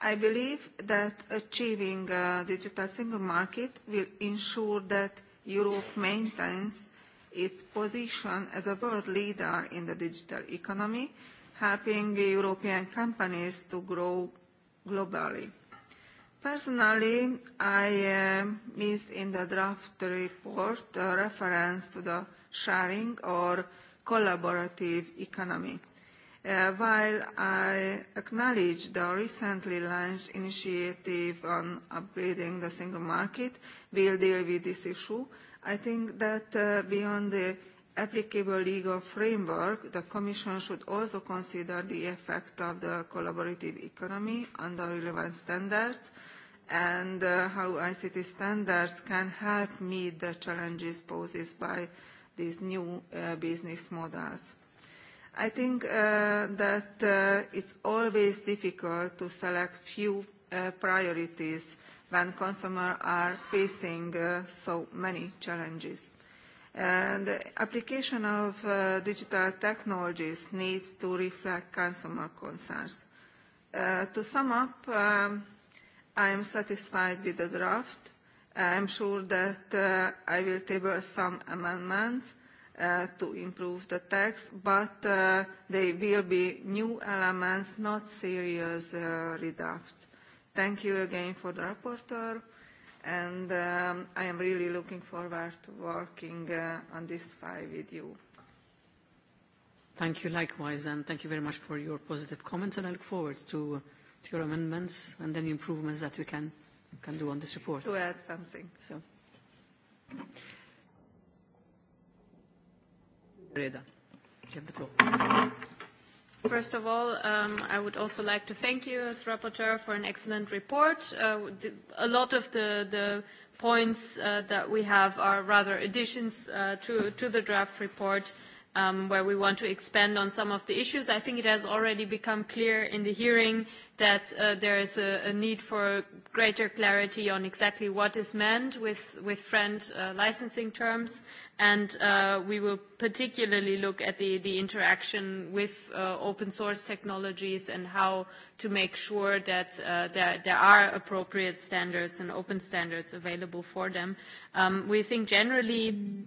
I believe that achieving a digital single market will ensure that Europe maintains its position as a world leader in the digital economy, helping European companies to grow globally. Personally, I uh, missed in the draft report a reference to the sharing or collaborative economy. Uh, while I acknowledge the recently launched initiative on upgrading the single market will deal with this issue, I think that uh, beyond the applicable legal framework, the Commission should also consider the effect of the collaborative economy on the relevant standards and uh, how ICT standards can help meet the challenges posed by these new uh, business models. I think uh, that uh, it's always difficult to select few uh, priorities when consumers are facing uh, so many challenges. The application of uh, digital technologies needs to reflect consumer concerns. Uh, to sum up, um, I am satisfied with the draft. I am sure that uh, I will table some amendments uh, to improve the text, but uh, they will be new elements, not serious uh, redrafts. Thank you again for the rapporteur and um, I am really looking forward to working uh, on this file with you. Thank you likewise, and thank you very much for your positive comments, and I look forward to, to your amendments and any improvements that we can, can do on this report. To add something. So. Reda, you have the floor. First of all, um, I would also like to thank you as rapporteur for an excellent report. Uh, the, a lot of the, the points uh, that we have are rather additions uh, to, to the draft report where we want to expand on some of the issues. I think it has already become clear in the hearing that there is a need for greater clarity on exactly what is meant with friend licensing terms, and we will particularly look at the interaction with open source technologies and how to make sure that there are appropriate standards and open standards available for them. We think generally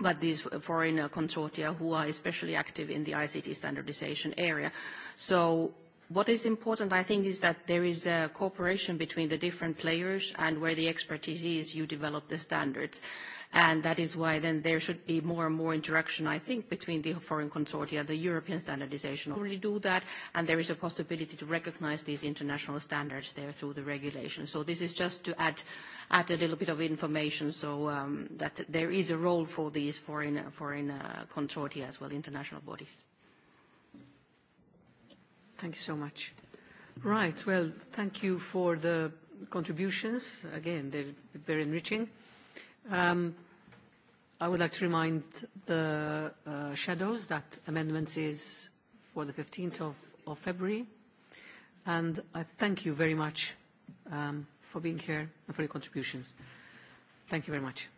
but these foreign consortia who are especially active in the ICT standardization area. So what is important, I think, is that there is a cooperation between the different players and where the expertise is, you develop the standards and that is why then there should be more and more interaction, I think, between the foreign consortia, the European standardization already do that, and there is a possibility to recognize these international standards there through the regulation. So this is just to add, add a little bit of information so um, that there is a role for these foreign, foreign uh, consortia as well, international bodies. Thank you so much. Right. Well, thank you for the contributions. Again, they're very enriching. Um, I would like to remind the uh, shadows that amendments is for the 15th of, of February. And I thank you very much um, for being here and for your contributions. Thank you very much.